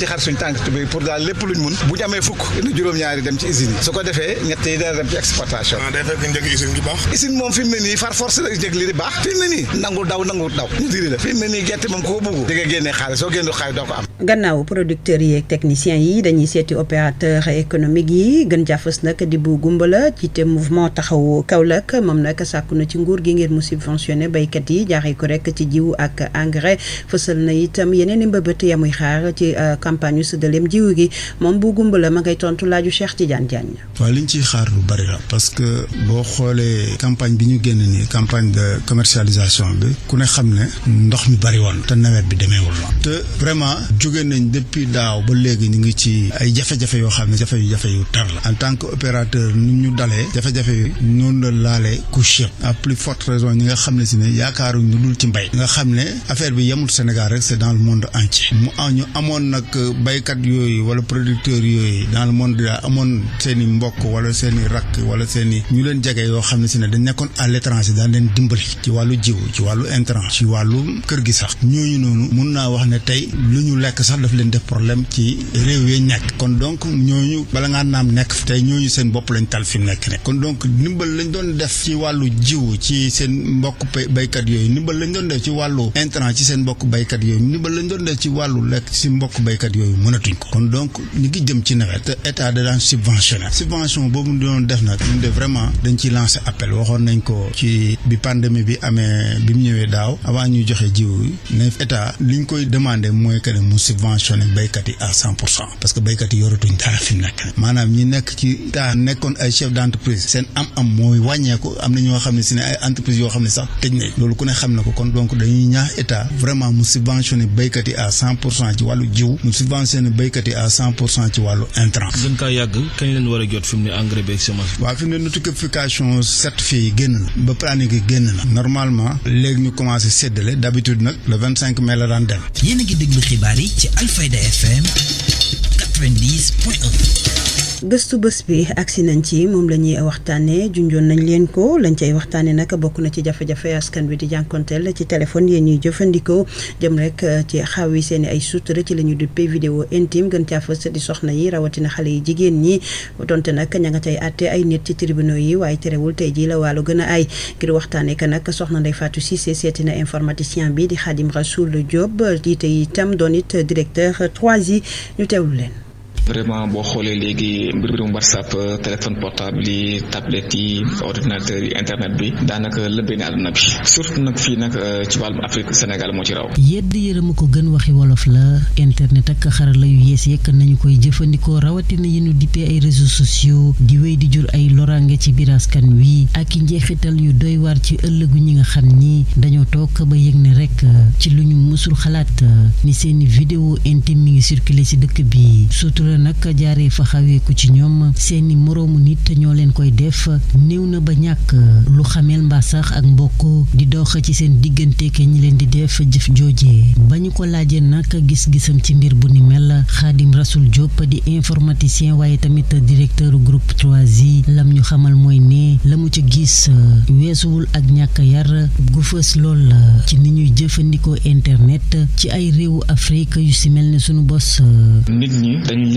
ci xar di dem ci usine yi su ko defee ñett yi dana dem ci exploitation ah, day fekk njëg baax usine moom fi mu nii far force la njëg li di baax fi mu nii nangu daw nangu daw ñu diri la fi mu nii gerte moom ko bëggu di nga génnee xaalis soo génnu xaalis doo ko am gannaaw producteurs yi ak yi dañuy seeti opérateur économique yi gën jàfas na di bu gumbala ci te mouvement taxawu Kaolack moom nag sàkku na ci nguur gi ngeen mu subventionné béykat yi jaaxee ko rek ci jiw ak engrais fësal na itam yeneen i mbëbët yamuy xaar ci euh, campagne yu sëdaleem jiw gi moom Cheikh Tidiane Diagne. li ñu ciy xaar lu bari la parce que boo xoolee campagne bi ñu génn nii campagne de commercialisation bi ku ne xam ne ndox mi bari woon te nawet bi demee demeewul noonu te vraiment jóge nañ depuis daaw ba léegi ñu ngi ci ay jafe-jafe yoo xam ne jafe-jafe yu yu tar la en tant que opérateur nu ñu dalee jafe-jafe yi noonu la laalee couche yëpp à plus forte raison ñi nga xam ne si ne yaakaaruñ ñu dul ci mbay nga xam ne affaire bi yemul Sénégal rek c'est dans le monde entier mu ñu amoon nag baykat yooyu wala producteurs amoon seen i mbokk wala seen i rakk wala seen i ñu leen jege yoo xam ne si ne dañ nekkoon à l'étranger daan leen dimbali ci wàllu jiw ci wàllu intrant ci wàllu kër gi sax ñooñu noonu mun naa wax ne tey lu ñu lekk sax daf leen def problème ci réew yi ñàkk kon donc ñooñu bala ngaa naam nekk tey ñooñu seen bopp lañ tal fi nekk ne kon donc ndimbal lañ doon def ci wàllu jiw ci seen mbokk baykat yooyu ndimbal lañ doon def ci wàllu intrant ci seen mbokk baykat yooyu ndimbal lañ doon def ci wàllu lekk ci mbokk baykat yooyu mënatuñ ko kon donc ñu ngi jëm ci nawet état dépense subventionnée subvention boobu doon def na ñun de vraiment dañ ci lancer appel waxoon nañ ko ci bi pandémie bi amee bi mu ñëwee daaw avant ñuy joxe jiw yi ne état liñ koy demandé mooy que mu subventionné béykat yi à cent pour cent parce que béykat yi yoratuñ dara fi mu ñi nekk ci taa nekkoon ay chef d' seen am-am mooy wàññeeku am na xam ne si ne ay entreprise yoo xam ne sax loolu ku ne xam na ko kon donc dañuy ñaax état vraiment mu subventionné béykat yi à cent pour cent ci wàllu jiw mu subventionné béykat yi à cent pour cent ci wàllu intrant yàgg kañ leen war a jot fi mu ne engrais beeg semence. waaw fi mu ne notification certifiée yi génn na ba planning yi génn na normalement léegi ñu commencé séddale d'habitude nag le vingt cinq mai la daan dem. yéen a ngi déglu xibaar yi ci Alfayda FM 90 gëstu bés bi agsi nañ ci moom la ñuy waxtaanee junjoon nañ leen ko lañ cay waxtaanee nag bokk na ci jafe-jafe askan bi di jànkonteel ci téléphone yéen ñuy jëfandikoo jëm rek euh, ci xaw yi seen ay sutura ci la ñu duppee vidéo intime gën di soxna yi rawatina xale yi jigéen ñi donte nag ña nga cay àtte ay nit ci tribunaux yi waaye terewul tey jii la waalo gën a ay ngir waxtaanee ka nag soxna Ndeye Fatou Cissé seeti na informaticien bi di Khadim Rassoul Diop jiite itam doon it directeur 3i ñu teewlu leen. vraiment boo xoolee léegi mbirum whatsapp téléphone portable yi tablette yi ordinateur yi internet bi daanaka lëbbee na àdduna bi surtout nag fii nag euh, ci wàllum Afrique Sénégal moo ci raw. yedd yërëma ko gën waxi wolof la internet ak xarala yu yees yekk nañu koy jëfandikoo rawatina yi ñu dippee ay réseaux sociaux di wéy di jur ay loraange ci biir askan wi ak i njeexital yu doy waar ci ëllëgu ñi nga xam ni dañoo toog ba yëg ne rek ci lu ñu mësul xalaat ni seeni vidéo intime mi ngi circulé ci dëkk bi nag jaaree fa xawee ci ñoom seeni moroomu nit ñoo leen koy def néew na ba ñàkk lu xameel mbaa sax ak mbokk di dox ci seen diggante ke ñi leen di def jëf joojee ba ñu ko laajee nag gis-gisam ci mbir bu ni mel Xaadim Rasul Diop di informaticien waaye tamit directeur groupe 3i lam ñu xamal mooy ne la mu ca gis weesuwul ak ñàkk yar gu fës lool la ci ni ñuy jëfandikoo internet ci ay réewu Afrique yu si mel ne sunu bos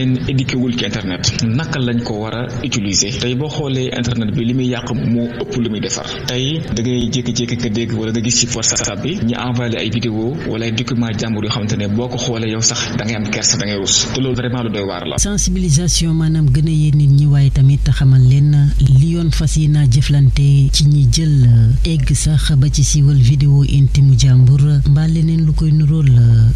leen éduqué wul ci internet naka lañ ko war a utiliser tey boo xoolee internet bi li muy yàq moo ëpp lu muy defar tey da ngay jékki-jékki ka dégg wala nga gis ci WhatsApp bi ñu envoyé ay vidéo wala ay document jàmbur yoo xamante ne boo ko xoolee yow sax da ngay am kersa da ngay rus te loolu vraiment lu doy waar la. sensibilisation maanaam gën a yee nit ñi waaye tamit xamal leen li yoon fas yi naa jëflante ci ñi jël egg sax ba ci siiwal vidéo intime jàmbur mbaa leneen lu koy nuróol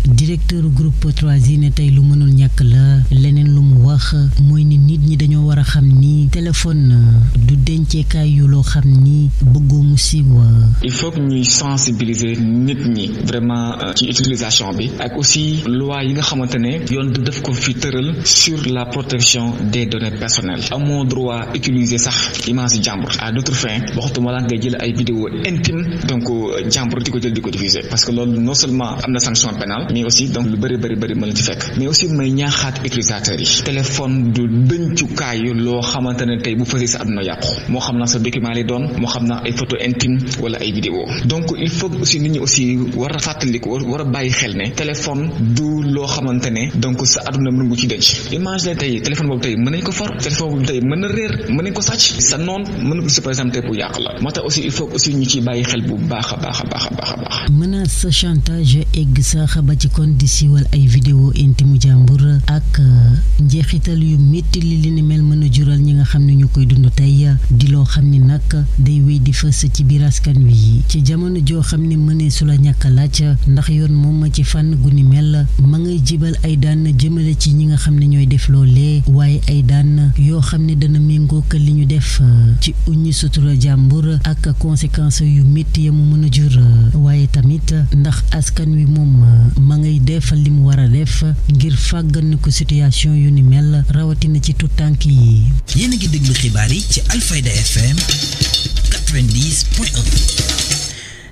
directeur groupe 3 ne tey lu mënul ñàkk la leneen lu mu wax mooy ni nit ñi dañoo war a xam ni téléphone euh, du denceekaay yu loo xam ni bëggumu mu siiw. Euh. il faut que ñuy sensibiliser nit ñi vraiment euh, ci utilisation bi ak aussi loi yi nga xamante ne yoon du def ko fi tëral sur la protection des données personnelles amoo droit utiliser sax image jàmbur à d'autres fins waxtuma la ngay jël ay vidéo intime donc jàmbur di ko jël di ko diffuser parce que loolu non seulement am na sanction pénale mais aussi donc lu bëri bëri na ci fekk ordinateur yi téléphone du dëncukaayu loo xamante ne tey bu fësee sa àdduna yàqu moo xam naa sa document lay doon moo xam naa ay photo intime wala ay vidéo donc il faut aussi nit ñi aussi war a fàttaliku war a bàyyi xel ne téléphone du ne donc sa àdduna mën ci denc image la tey téléphone boobu tey mën nañ ko for téléphone boobu tey mën sa noon mën na ko si par exemple la moo tax aussi ñu ciy bàyyi xel bu baax a baax a a baax a baax menace chantage egg sax ba ci kon di siiwal ay vidéo intime jàmbur ak euh, njeexital yu métti li li ni mel mën a jural ñi nga xam ne ñu koy dund tey di loo xam ne nag day wéy di fës ci biir askan wi ci jamono joo xam ne mënee su ñàkk laaj ndax yoon moom ma ci fànn gu ni mel ma ngay jibal ay daan jëmale ci ñi nga xam ne ñooy def loolee waaye ay daan yoo xam ne dana méngoo ak li ñu def ci uññi sutura jàmbur ak conséquences yu métti ya mu mën a jur waaye tamit ndax askan wi moom ma ngay defal li mu war a def ngir fàggan ko situation situation yu rawatina ci tout tànk yi. yéen a ngi déglu xibaar yi ci Alfayda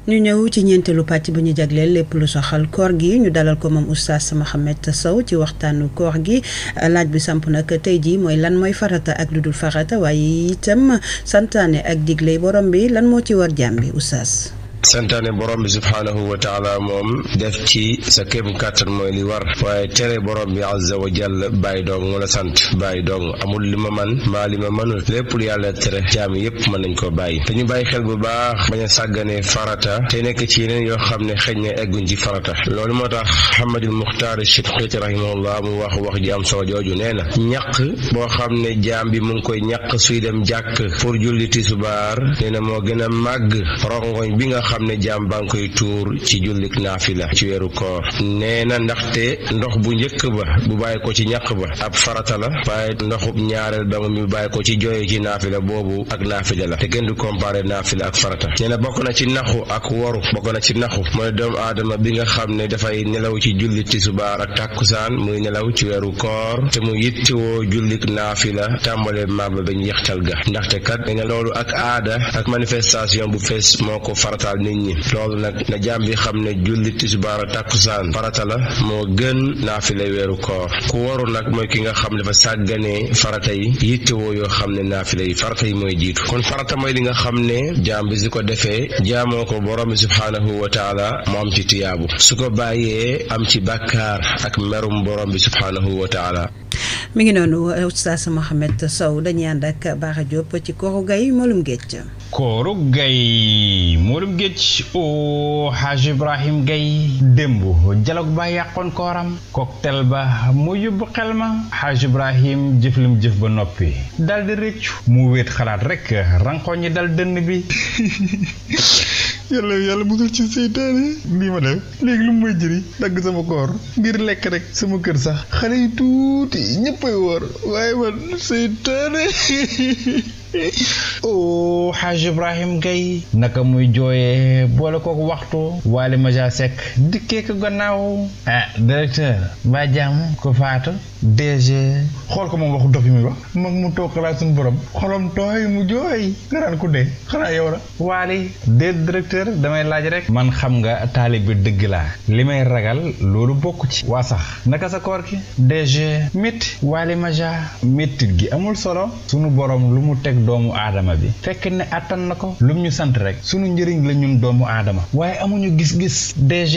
ñu ñëw ci ñeenteelu pàcc bu ñu jagleel lépp lu soxal koor gi ñu dalal ko moom oustaz Mohamed Sow ci waxtaanu koor gi laaj bi samp nag tey jii mooy lan mooy farata ak lu dul farata waaye itam santaane ak digle borom bi lan moo ci war jaam bi oustaz. santaane borom bi subhaanahu wa taala moom def ci sa kéem kàttan mooy li war waaye tere borom bi azza wa jall bàyyi dong mu la sant bàyyi dong amul li ma man maa li ma mënul lépp lu yàlla tere jaam yépp mën nañ ko bàyyi te bàyyi xel bu baax bañ a sàggane farata te nekk ci yeneen yoo xam ne xëj na egguñ ci farata loolu moo tax Muhammadul Muxtaar Shitqiiti rahimahullah mu wax wax ji am solo jooju nee na ñaq boo xam ne jaam bi mu ngi koy ñaq suy dem jàkk pour julli tisbaar nee na moo gën a màgg xam na jaam baa ngi koy tuur ci jullik naafila ci weeru koor nee na ndaxte ndox bu njëkk ba bu bàyyi ko ci ñàq ba ab farata la waaye ndoxub ñaareel ba mu bàyyi ko ci jooye ci naafila boobu ak naafila la te kenn du comparé naafila ak farata nee na bokk na ci naxu ak waru bokk na ci naxu mooy doomu aadama bi nga xam ne dafay nelaw ci julli tisbaar ak tàkkusaan muy nelaw ci weeru koor te mu yittewoo jullik naafila tàmbalee màbba bañ yextal ga ndaxte kat nee na loolu ak aada ak manifestation bu fees moo ko farataal nit ñi loolu nag na jaam bi xam ne julli tisbaar a tàkkusaan farata la moo gën naafila weeru koor ku waru nag mooy ki nga xam dafa sàgganee farata yi yittewoo yoo xam ne naafila yi farata yi mooy jiitu kon farata mooy li nga xam ne jaam bi su ko defee jaamoo ko borom bi subhaanahu wa taala mu am ci tiyaabu su ko bàyyee am ci bàkkaar ak merum borom bi subhaanahu wa taala mi ngi noonu oustaz Mohamed Sow dañuy ànd ak Bara Diop ci kooru gay moolum géej kooru gay moolum géej o Haaj Ibrahim Gay démb dialogue ba yàqoon kooram cocktail ba moo yóbbu xel ma Haaj Ibrahim jëf jëf ba noppi daldi rëccu mu wéet xalaat rekk rankoñ yi dal dënn bi yàlla yàlla musul ci seytaane lii ma dem léegi lu may jëriñ dagg sama koor ngir lekk rek sama kër sax xale yi tuuti ñëppay woor waaye man seytaane o oh, xaaj Ibrahim Gaye naka muy jooyee boole kooku waxtu Waly Maja Seck dikkee ko gannaaw ah directeur ba jàmm ko faatu DG xool ko moom waxu dof yi muy wax mag mu toog xalaat suñu borom xolam tooy mu jooy nga daan ku dee xanaa yow la Waly dee directeur damay laaj rek man xam nga taalib bi dëgg laa li may ragal loolu bokk ci waa sax naka sa koor ki DG métti Waly Maja méttit gi amul solo sunu borom lu mu teg doomu aadama bi fekk ne attan na ko lum ñu sant rek suñu njëriñ la ñun doomu aadama waaye amuñu gis-gis DG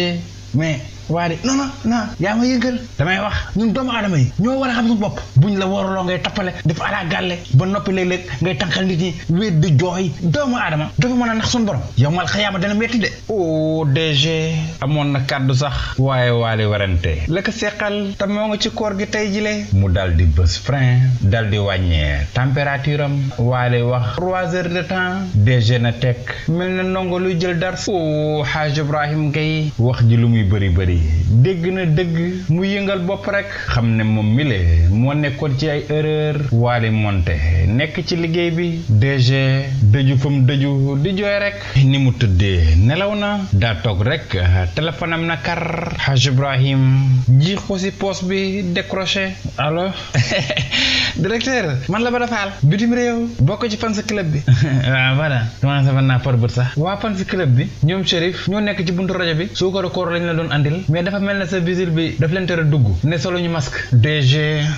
mais waa de non non non yaa ma yëngal damay wax ñun doomu aadama yi ñoo war a xam suñu bopp buñ la warloo ngay tappale def ala gàlle ba noppi léeg-léeg ngay tànqal nit ñi wéet di jooy doomu aadama dafa mën a nax suñu borom yow mal xayaama dana metti de o amoon na kàddu sax waaye waali warante la ko seqal te moo nga ci koor gi tey jile mu dal di bës frein dal di wàññee température am waale wax trois heures de temps DG na teg mel na ndongo luy jël dar o xaaj Ibrahim Gaye wax ji lu muy bëri bëri dégg na dégg mu yëngal bopp rek xam ne moom mile moo nekkoon ci ay erreur waali monte nekk ci liggéey bi DG dëju fa mu dëju di jooy rek ni mu tëddee nelaw na daa toog rek téléphone na kar Haj Ibrahim ji ko si poos bi décroché allo directeur man la ba dafaal bitim réew bokk ci fan fans club bi waaw voilà commencé fan naa par bët sax waa fans club bi ñoom Chérif ñoo nekk ci buntu rajo bi suukar koor lañ la doon andil mais dafa mel na sa visite bi daf leen tere dugg ne solo ñu masque DG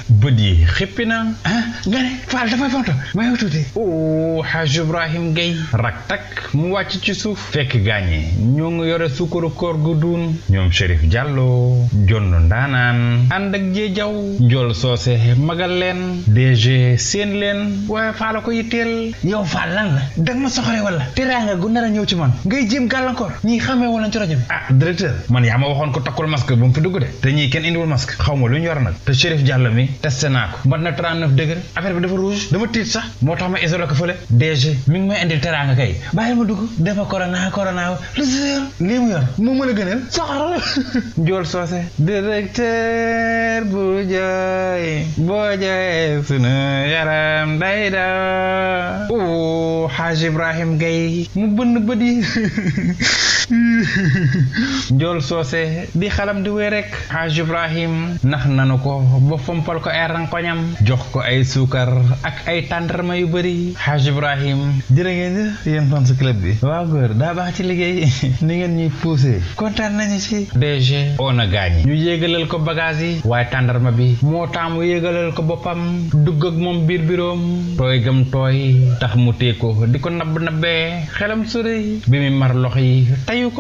bët yi xippi na ah nga ne Fall dafay foto may yow tuuti o Haaj Ibrahim Gueye rak tak mu wàcc ci suuf fekk gaañee ñoo ngi yore sukkaru koor gu duun ñoom Chérif Diallo jonn ndaanaan ànd ak jee jaw njool soose magal leen DG séen leen waaye faala ko yitteel yow Fall lan la da nga ma soxore wala teraanga gu nar a ñëw ci man ngay jéem gàllankoor ñi xamee wala ci rajo bi ah directeur man yaa ma waxoon ko ko takkul masque bu mu dugg de te ñii kenn indiwul masque xaw lu ñu yor nag te Chérif Diallo mi testé naa ko mat na 39 degré affaire bi dafa dama tiit sax moo tax ma isolé ko fële DG mi ngi may indil teraanga kay bàyyil ma dugg dafa corona corona lu si yor lii mu yor moo ma la gënal soose directeur bu jooy boo jooyee sunu yaram day daw o Haaj Ibrahim Gaye mu bënn bët Njool Soose di xalam di wéy rek Haaj Ibrahim nax nanu ko ba fompal ko ay rankoñam jox ko ay suukar ak ay tàndarma yu bëri Haaj Ibrahim jërë ngeen jëf yéen fans club bi waaw góor daa baax ci liggéey ni ngeen ñuy poussé kontaan nañu ci DG oo na ñu yéegalal ko bagage yi waaye tàndarma bi moo taamu yéegalal ko boppam dugg ak moom biir biroom tooy gam tooy tax mu téye ko di ko nabb nabbee xelam sori bi mu mar lox yi tey fayu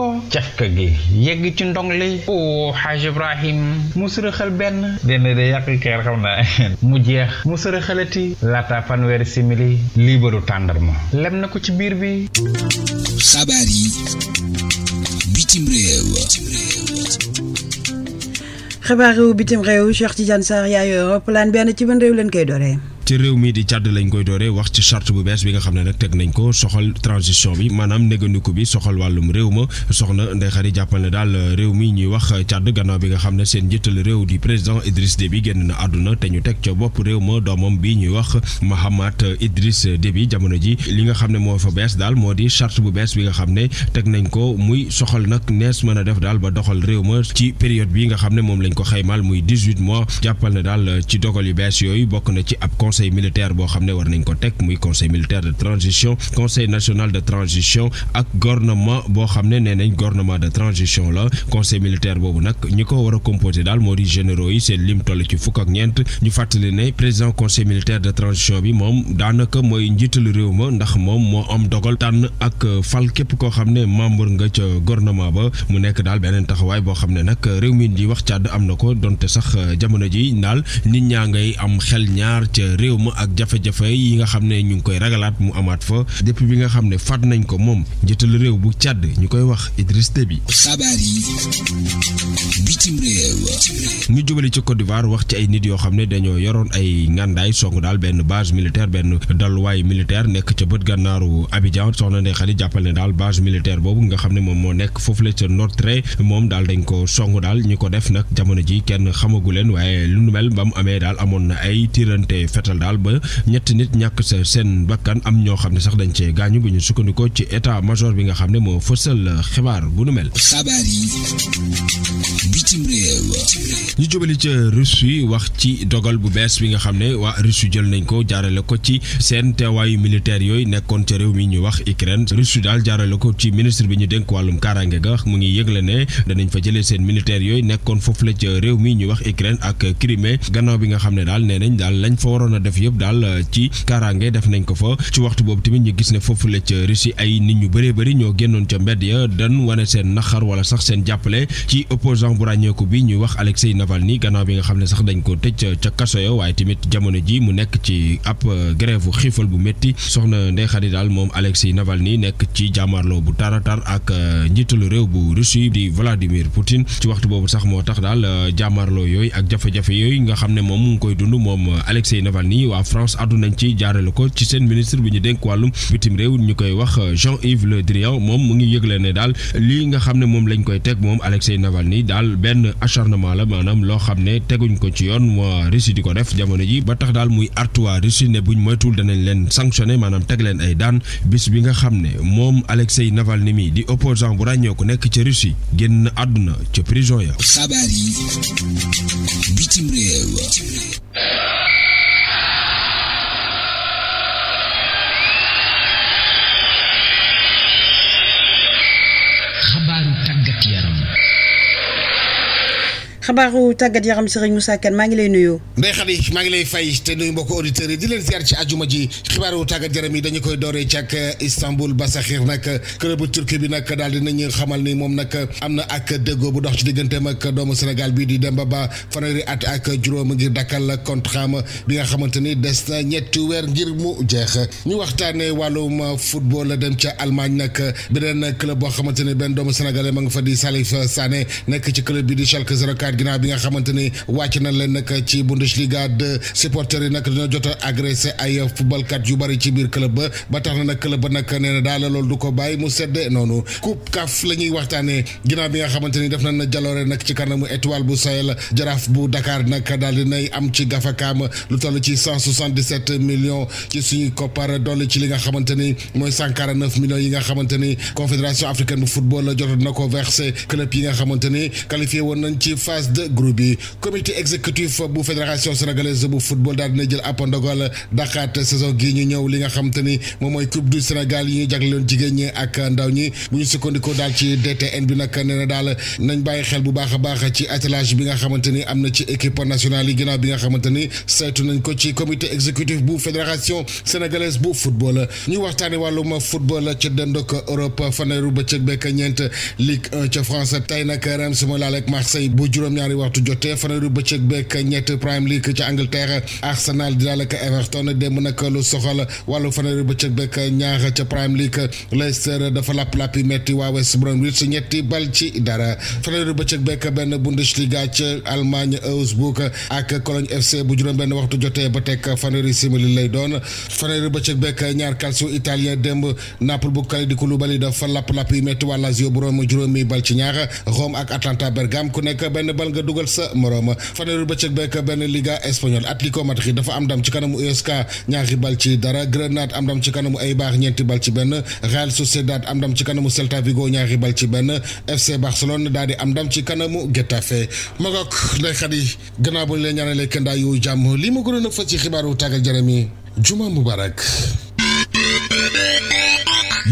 gi yegg ci ndong li o xaaj ibrahim mu sërëxal benn dene de yàq keer xam naa mu jeex mu sërëxalati laata fanweeri simili liibaru tàndarma lem na ko ci biir bi xabaar yi bitim réew xabaaru bitim réew Cheikh Tidiane Sarr yaayoo roppalaan benn ci ban réew leen koy doree ci réew mi di Tchad lañ koy dooree wax ci charte bu bees bi nga xam ne nag teg nañ ko soxal transition bi maanaam négandiku bi soxal wàllum réew ma soxna Ndeye Khary jàppal ne daal réew mi ñuy wax Tchad gannaaw bi nga xam ne seen njëttal réew di président Idriss bi génn na àdduna te ñu teg ca bopp réew ma doomam bi ñuy wax Mahamat Idriss Déby jamono ji li nga xam ne moo fa bees daal moo di charte bu bees bi nga xam ne teg nañ ko muy soxal nag nees mën a def daal ba doxal réew ma ci période bi nga xam ne moom lañ ko xaymaal muy 18 mois jàppal ne daal ci dogal yu bees yooyu bokk conseil militaire boo xam ne war nañ ko teg muy conseil militaire de transition conseil national de transition ak gouvernement boo xam ne nee nañ de transition la conseil militaire boobu nag ñi ko war a composé daal moo di généraux yi seen lim toll ci fukk ak ñeent ñu fàttali ne président conseil militaire de transition bi moom daanaka mooy njiitalu réew ma ndax moom moo am dogal tànn ak fal képp koo xam ne membre nga ca gouvernement ba mu nekk daal beneen taxawaay boo xam ne nag réew mi wax càdd ko donte sax jamono ji daal nit ñaa ngay am xel réew ma ak jafe-jafe yi nga xam ne ñu ngi koy ragalaat mu amaat fa depuis bi nga xam ne faat nañ ko moom njëtal réew bu Tchad ñu koy wax Idriss Déby. xabaar yi bitim ci Côte d'Ivoire wax ci ay nit yoo xam ne dañoo yoroon ay ngàndaay song daal benn base militaire benn dalluwaay militaire nekk ca bët gànnaaru Abidjan soxna Ndeye Khady jàppal ne daal base militaire boobu nga xam ne moom moo nekk foofu la ca nord moom daal dañ ko song daal ñu ko def nag jamono ji kenn xamagu leen waaye lu mel ba amee daal amoon na ay tirante fet gàttal daal ba ñetti nit ñàkk sa seen bakkan am ñoo xam ne sax dañ cee gaañu bu ñu sukkandikoo ci état major bi nga xam ne moo fësal xibaar bu nu mel. xabaar yi bitim réew. ñu jubali ca Russie wax ci dogal bu bees bi nga xam ne waa Russie jël nañ ko jaarale ko ci seen teewaayu militaire yooyu nekkoon ca réew mi ñu wax Ukraine Russie daal jaarale ko ci ministre bi ñu dénk wàllum kaaraange ga mu ngi yëgle ne danañ fa jëlee seen militaire yooyu nekkoon foofu la ca réew mi ñu wax Ukraine ak Crimée gannaaw bi nga xam def yëpp daal euh, ci kaaraange def nañ ko fa ci waxtu boobu tamit ñu gis ne foofu la ca Russie ay nit ñu bëree bëri ñoo génnoon ca mbedd ya dan wane seen naxar wala sax seen jàppale ci opposant bu ràññeeku bi ñuy wax Alexei Navalny gannaaw bi nga xam ne sax dañ ko tëj ca kaso ya waaye tamit jamono ji mu nekk ci ab euh, grève xiifal bu métti soxna Ndeye Khady daal moom Alexei Navalny nekk ci jàmmaarloo bu tara a tar ak euh, njiitalu réew bu Russie di Vladimir Poutine ci waxtu boobu sax moo tax daal yooyu ak jafe-jafe yooyu nga xam ne moom mu ngi koy dund moom Alexei Navalny ni waa France àddu ci jaarale ko ci seen ministre bi ñu dénk wàllum bitim réew ñu koy wax Jean-Yves Le Drian moom mu ngi yëgle ne daal lii nga xam ne moom lañ koy teg moom Alexei Navalny daal benn acharnement la maanaam loo xam ne teguñ ko ci yoon waa Russie di ko def jamono ji ba tax daal muy artu waa Russie ne buñ moytuwul danañ leen sanctionné maanaam teg leen ay daan bis bi nga xam ne moom Alexei Navalny mi di opposant bu ràññoo ku nekk ca Russie génn àdduna ca prison ya. xabaar axbaaru xabaaru tàggat yaram Serigne Moussa Kane maa ngi lay nuyoo. Ndeye Khady maa ngi lay fay te nuyu mbokk auditeurs yi di leen ziar ci ajuma ji tàggat yaram yi dañu koy dooree ci ak eh, Istanbul Basaksehir nag club turki bi nag daal dinañu xamal ni moom nag am na ak déggoo bu dox ci digganteem ak doomu Sénégal bii di Demba Ba fanweeri at ak juróom ngir dakkal contrat bi nga xamante ni des na ñetti weer ngir mu jeex ñu waxtaanee wàllum football la dem ca Allemagne nag beneen club boo xamante ni benn doomu senegal ma nga fa di Salif Sané nekk ci club bi di Schalke 04 Stuttgart ginnaaw bi nga xamante wàcc na leen nag ci Bundesliga de supporters yi nag dina jot a agressé ay footballkat yu bëri ci biir club ba ba tax na nag club ba nag nee daal loolu du ko bàyyi mu sedde noonu coupe CAF la ñuy waxtaanee bi nga xamante ni def nañ jaloore nag ci kanamu étoile bu Sahel jaraaf bu Dakar nag daal dinay am ci gafakaam lu toll ci cent soixante-dix-sept millions ci suñuy koppar dolli ci li nga xamante ni mooy cent quarante yi nga xamante ni phase de groupe bi comité exécutif bu fédération sénégalaise bu football daal dina jël ab ndogal daqaat saison gi ñu ñëw li nga xam te coupe du Sénégal yi ñu jagleeloon jigéen ñi ak ndaw ñi bu ñu daal ci DTN bi nag nee daal nañ bàyyi xel bu baax a baax ci attelage bi nga xamante am na ci équipe nationale yi ginnaaw bi nga xamante saytu nañ ko ci comité exécutif bu fédération sénégalaise bu football ñu waxtaane wàllum football ca juróom-ñaari waxtu jotee faneeru bëccëg beek ñett Prime League ca Angleterre Arsenal di daal ak Everton démb nag lu soxal wàllu faneeru bëccëg beek ñaar ca Prime League Leicester dafa lapp-lapp yi metti waa West Bromwich benn Bundesliga ca Allemagne Augsburg ak Cologne FC bu juróom-benn ba teg faneeri simili lay doon faneeru bëccëg bu Kalidou Koulibaly dafa lapp-lapp yi metti waa Lazio bu Rome juróomi bal ci ñaar Rome ak Atalanta Bergame ku nekk benn bal dugal sa morooma faneeru bëccëg bekk benn liga espagnol Atlético Madrid dafa am ndam ci kanamu USK ñaari bal ci dara Grenade am ndam ci kanamu Eibar ñeenti bal ci benn Real Sociedad am ndam ci kanamu Celta Vigo ñaari bal ci benn FC Barcelone daal di am ndam ci kanamu Getafe Maroc nday xat yi gannaaw bu ñu leen ñaanalee kendaa yu jàmm lii ma gënoon a fa ci xibaaru tàggat jarami juma mubarak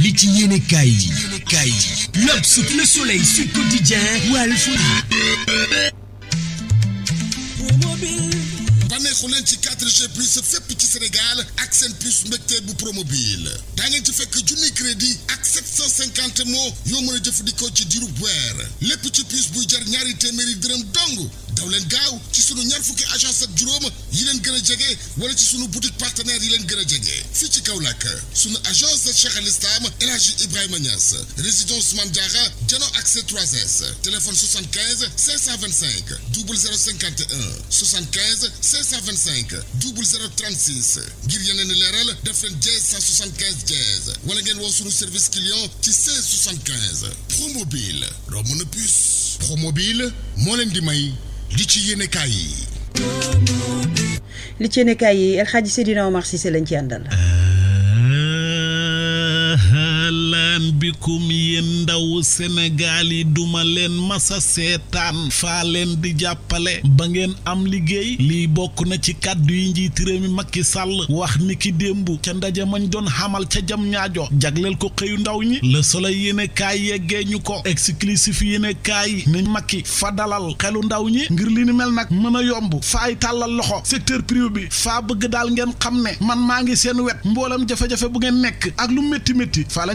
li ci yéene kaay yi kaay yi L'Obs, Le Soleil, Sud Quotidien, Walf. bànneexu leen ci 4G plus fépp ci Sénégal ak seen puce mbégte bu promobile daa ngeen ci fekk junni crédit ak 750 mots yoo mën a jëfandikoo ci diirub weer lépp ci puce bu jar ñaari téeméeri dërëm dong daw leen gaaw ci sunu ñaar fukki agence ak juróoma yi leen gën a jege wala ci sunu boutique partenaire yi leen gën a jege fii ci Kaolack sunu agence de Cheikh Al Islam El Hadji Ibrahima Niass résidence Mame Diarra Jano accès 3S téléphone 75 525 0051 75 525 0036 ngir yeneen leeral def sa dièse 175 dièse wala ngeen woo sunu service client ci 16 75 Promobile romb na puce Promobile moo leen di may. li ci yéenekaay yi. li ci yéenekaay yi El Hadji Seydina Omar lañ ci àndal. Euh, salaamaaleykum yéen ndaw Sénégal yi duma leen masa seetaan faa leen di jàppale ba ngeen am liggéey lii bokk na ci kàddu yi njiit réew mi Macky sàll wax ni ki démb ca ndaje mañ doon xamal ca jam ñaajo jagleel ko xëyu ndaw ñi la Soleil yéene kaay yeggee ñu ko exclusif yéene kaay ni Macky fa dalal xelu ndaw ñi ngir li ni mel nag mën a yomb faay tàllal loxo secteur privé bi faa bëgg daal ngeen xam ne man maa ngi seen wet mboolam jafe-jafe bu ngeen nekk ak lu métti métti faa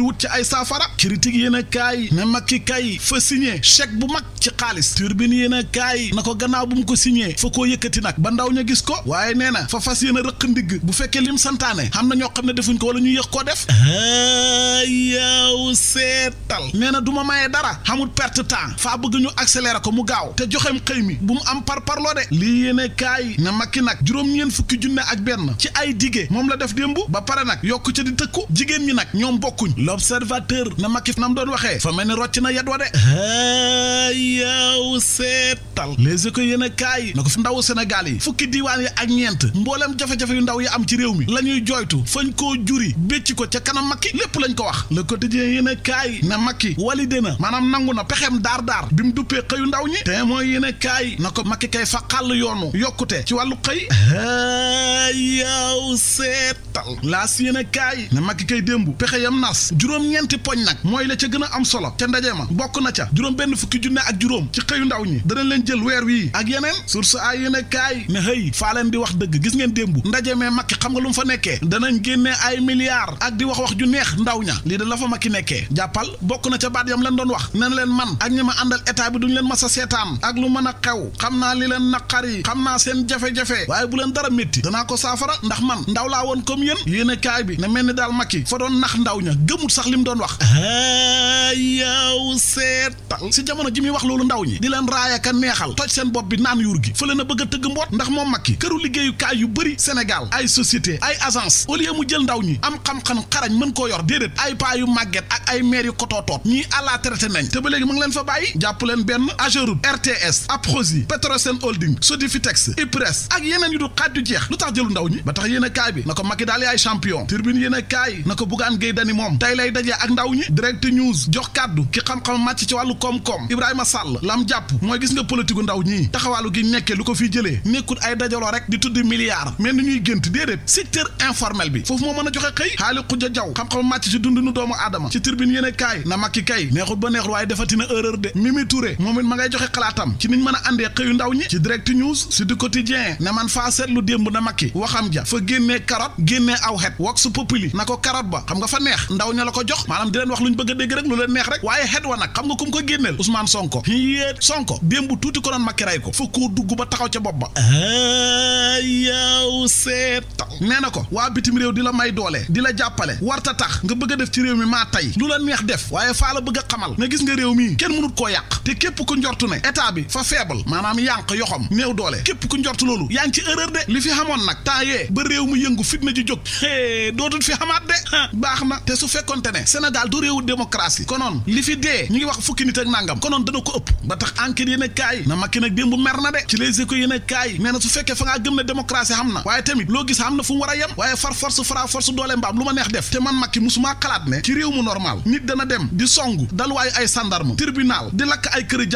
ngir wut ci ay saafara critique yéen a kaay ne Macky kay fa signé chèque bu mag ci xaalis turbine yéen a kaay na ko gannaaw bu mu ko siñe fa koo yëkkati nag ba ndaw ña gis ko waaye nee na fa fas yéen rëq ndigg bu fekkee lim santaane xam na ñoo xam ne defuñ ko wala ñu yëg ko def yow seetal nee na du ma mayee dara xamul perte temps fa bëgg ñu accélérer ko mu gaaw te joxeem xëy mi bu mu am par parloo de lii yéen a kaay ne Macky nag juróom-ñeen fukki junne ak benn ci ay dige moom la def démb ba pare nag yokku ca di tëkku jigéen ñi nag ñoom bokkuñ l'observateur na Macky nam doon waxee fa mel ni rocc na yat wa de yaw seetal les écoles yéen a kaay na ko fi ndaw Sénégal yi fukki diiwaan yi ak ñeent mbooleem jafe-jafe yu ndaw yi am ci réew mi la ñuy jooytu fañ koo juri bécc ko ca kanam Macky lépp lañ ko wax le quotidien yéen a kaay na Macky walide na maanaam nangu na pexeem daar daar bi mu duppee xëyu ndaw ñi te mooy yéen a kaay na ko Macky kay fa xàll yoonu yokkute ci wàllu xëy yaw seet tal laas yéen a kaay ne Macky kay démb pexe yam nas juróom-ñeenti poñ nag mooy la ca gën a am solo ca ndaje ma bokk na ca juróom benn fukki junne ak juróom ci xëyu ndaw ñi danañ leen jël weer wii ak yeneen source a yéen a kaay ne xëy faa leen di wax dëgg gis ngeen démb ndaje mee Macky xam nga lu mu fa nekkee danañ génne ay milliards ak di wax wax ju neex ndaw ña lii da la fa Macky nekkee jàppal bokk na ca baat yam leen doon wax nen leen man ak ñi ma àndal état bi duñ leen mas a ak lu mën a xew xam naa li leen naqar yi xam naa seen jafe waaye bu leen dara métti danaa ko saafara ndax man comme yéen yéen a kaay bi ne mel ni daal Macky fa doon nax ndaw ña gëmut sax li mu doon wax ayaw ah, seetal si jamono ji muy wax loolu ndaw ñi di leen raayaka neexal toj seen bopp bi naan yuur gi fële na bëgg a tëgg mboot ndax moom Macky këru liggéeyukaay yu bëri Sénégal ay société ay agence au lieu mu jël ndaw ñi am xam-xam xarañ mën koo yor déedéet ay paa yu màgget ak ay maire yu kotootoot ñii àllaa traité nañ te ba léegi mu ngi leen fa bàyyi jàpp leen benn Ageroute RTS Aprosi Petrosen Holding Sodifitex IPRES ak yeneen yu du xaaj du jeex lu tax jëlu ndaw ñi a daal yaay champion tribune yéen a kaay na ko buggaan géy dani moom tey lay dajee ak ndaw ñi direct news jox kàddu ki xam-xam màcc ci wàllu koom-koom Ibrahima Sall lam jàpp mooy gis nga politique ndaw ñii taxawaalu gi nekkee lu ko fi jëlee nekkut ay dajaloo rek di tuddi milliards mais ni ñuy gént déedéet secteur informel bi foofu moo mën a joxe xëy xaali xuja jaw xam-xam màcc ci dundinu doomu aadama ci tribune yéen a kaay na makki kay neexut ba neexul waaye defatina erreur de Mimi Touré moom it ma ngay joxe xalaatam ci a àndee génnee aw xet wax su populi na ko karoot ba xam nga fa neex ndaw ña la ko jox maanaam di leen wax lu ñu bëgg a dégg rek lu leen neex rek waaye xet wa nag xam nga ku mu ko génneel Ousmane Sonko yéet démb tuuti ko doon makki ray ko fa koo dugg ba taxaw ca bopp ba ah, yow seeta nee na ko waa bitim réew di la may doole di la jàppale warta tax nga bëgg def ci réew mi maa tey lu la neex def waaye faa la bëgg xamal na gis nga réew mii kenn mënut koo yàq te képp ku njortu ne état bi fa faible maanaam yànq yoxam néew doole képp ku njortu loolu yaa li fi xamoon nag réew mu yëngu fitna jóg dootul fi xamaat de ah, baax na te su fekkonte ne Sénégal du réewu démocratie konoon li fi dee ñu ngi wax fukki nit ak nàngam konoon dana ko ëpp ba tax enquête kaay na makki nag démb mer na de ci les échos yéen a kaay nee na su fekkee fa ngaa gëm ne démocratie xam na waaye tamit loo gis na fu mu war a yem waaye far force fara force doole mbaam lu ma neex def te man makki musumaa xalaat ne ci réew mu normal nit dana dem di song dalwaayu ay sandarme ay kër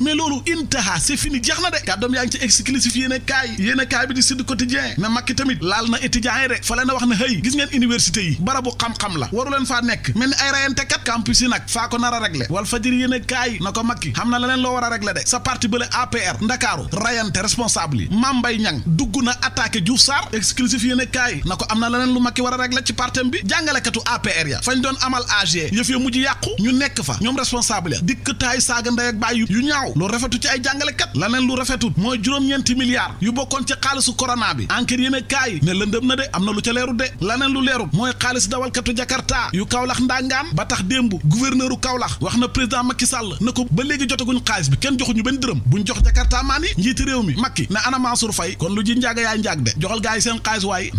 mais loolu intaha c'est fini jeex na de kaay de fa leen a wax ne hëy gis ngeen université yi barabu xam-xam la waru leen nekk mel ay rayante kat campus nag faa ko nar a régler wal fajiri na ko makki xam na la loo war a de sa parti bële APR ndakaaru rayante responsable yi mambay ñang dugg na attaqué Diouf Sarr exclusif yéen a kaay na ko am na la lu makki war a ci partem bi jàngalekatu APR ya fañ doon amal AG yëf ya mujj yàqu ñu nekk fa ñoom responsable ya dikk taay saaga ndey yu ñaaw loolu rafetu ci ay jàngalekat la lu rafetut mooy juróom-ñeenti milliards yu a kaay ne de am na lu ca leerut de laneen lu leerut mooy xaalis dawalkatu jakarta yu kaolax ndangaan ba tax démb gouverneuru kaolax wax na président Macky Sall na ko ba léegi jotaguñ xaalis bi kenn joxuñu benn dërëm buñ jox jakarta maan yi njiiti réew mi Macky ne ana Mansour Faye kon lu ji njaaga yaay njaag de joxal gaa yi seen xaalis waaye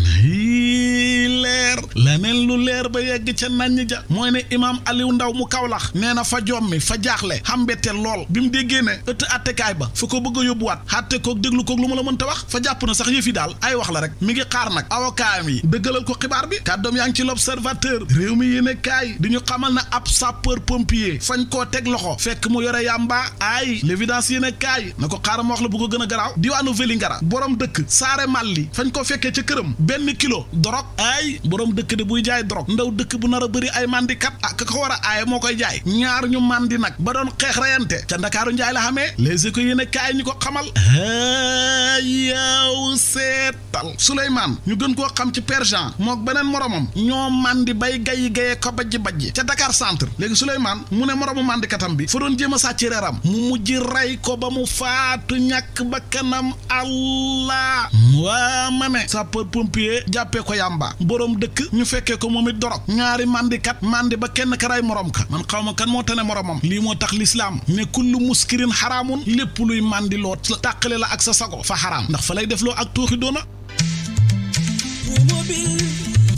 leer leneen lu leer ba yegg ca nañ ja mooy ne imaam Aliou Ndaw mu Kaolack nee na fa jommi fa jaaxle xam bette lool bi mu déggee ne ëtt attekaay ba fa ko bëgg a yóbbuwaat xatte kook déglu koog lu ma la mënta wax fa jàpp na sax yëf yi daal ay wax la rek mi ngi xaar nag avocat yi dëggalal ko xibaar bi kàddoom yaa ngi ci l'observateur réew mi yéene kaay di ñu xamal na ab sapeur pompier fañ koo teg loxo fekk mu yore yàmbaa ay l'évidence yéene kaay na ko xaaram wax la bu ko gën a garaaw diwaanu Vélingara borom dëkk saare màlli fañ ko fekkee ca këram benn kilo yi borom dëkk di buy jaay drogue ndaw dëkk bu nar a bëri ay mandikat ah ka ko war a moo koy jaay ñaar ñu mandi nag ba doon xeex rayante ca ndakaaru njaay la xamee les écoles yi ne kaay ñu ko xamal yow seetal Souleymane ñu gën koo xam ci Père Jean mook beneen moromam ñoo mandi bay gayi gayee ko bajji bajji ca Dakar centre léegi Souleymane mu ne moromu mandikatam bi fa doon jéem a mu mujj ray ko ba mu faatu ñakk ba kanam Allah waa ma ne sapeur pompier boroom dëkk ñu fekkee ko moom it dorog ñaari mandikat mandi ba kenn ka ray ka man xaw ma kan moo tane moromam lii moo tax lislaam ne kullu muskirin xaraamun lépp luy mandi loo tàqale la ak sa sago fa xaraam ndax fa lay def loo ak tooxi doona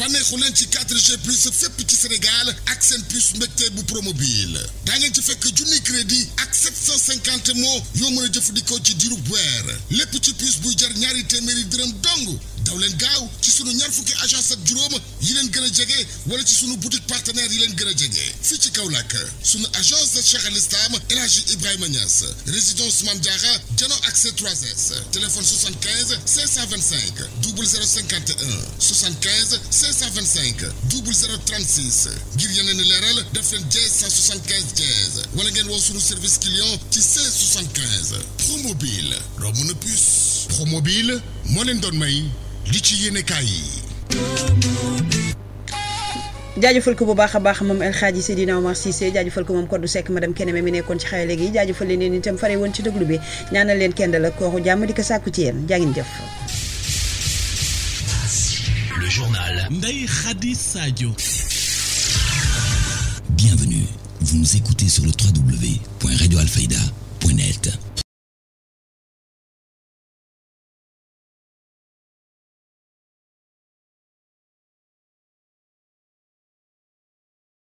neexu leen ci 4G plus fépp ci Sénégal ak seen plus mbégte bu promobile daa ngeen ci fekk junni crédit ak 750 mots yoo mën a jëfandikoo ci diirub weer lépp ci plus buy jar ñaari téeméeri dërëm dong daw leen gaaw ci sunu ñaar fukki agence ak juróoma yi leen gën a jege wala ci sunu boutique partenaire yi leen gën a jege fii ci Kaolack sunu agence de Cheikh Al Islam El Hadji Ibrahima Niass résidence Mame Diarra jano ak C3S téléphone 75 525 0051 75 525 0036 ngir yeneen i leeral def leen 175 dièse wala ngeen woo sunu service client ci 16 75 Promobile romb na plus Promobile moo leen doon may. li ci yéenekaay yi. jaajëfal ko bu baax a baax moom El Hadji Seydina Omar Cissé jaajëfal ko moom Kodou Seck madame Keneme mi nekkoon ci xayma léegi jaajëfal leen yéen itam fare woon ci déglu bi ñaanal leen kenn la kooku jàmm di ko sàkku ci yéen jaa ngeen jëf.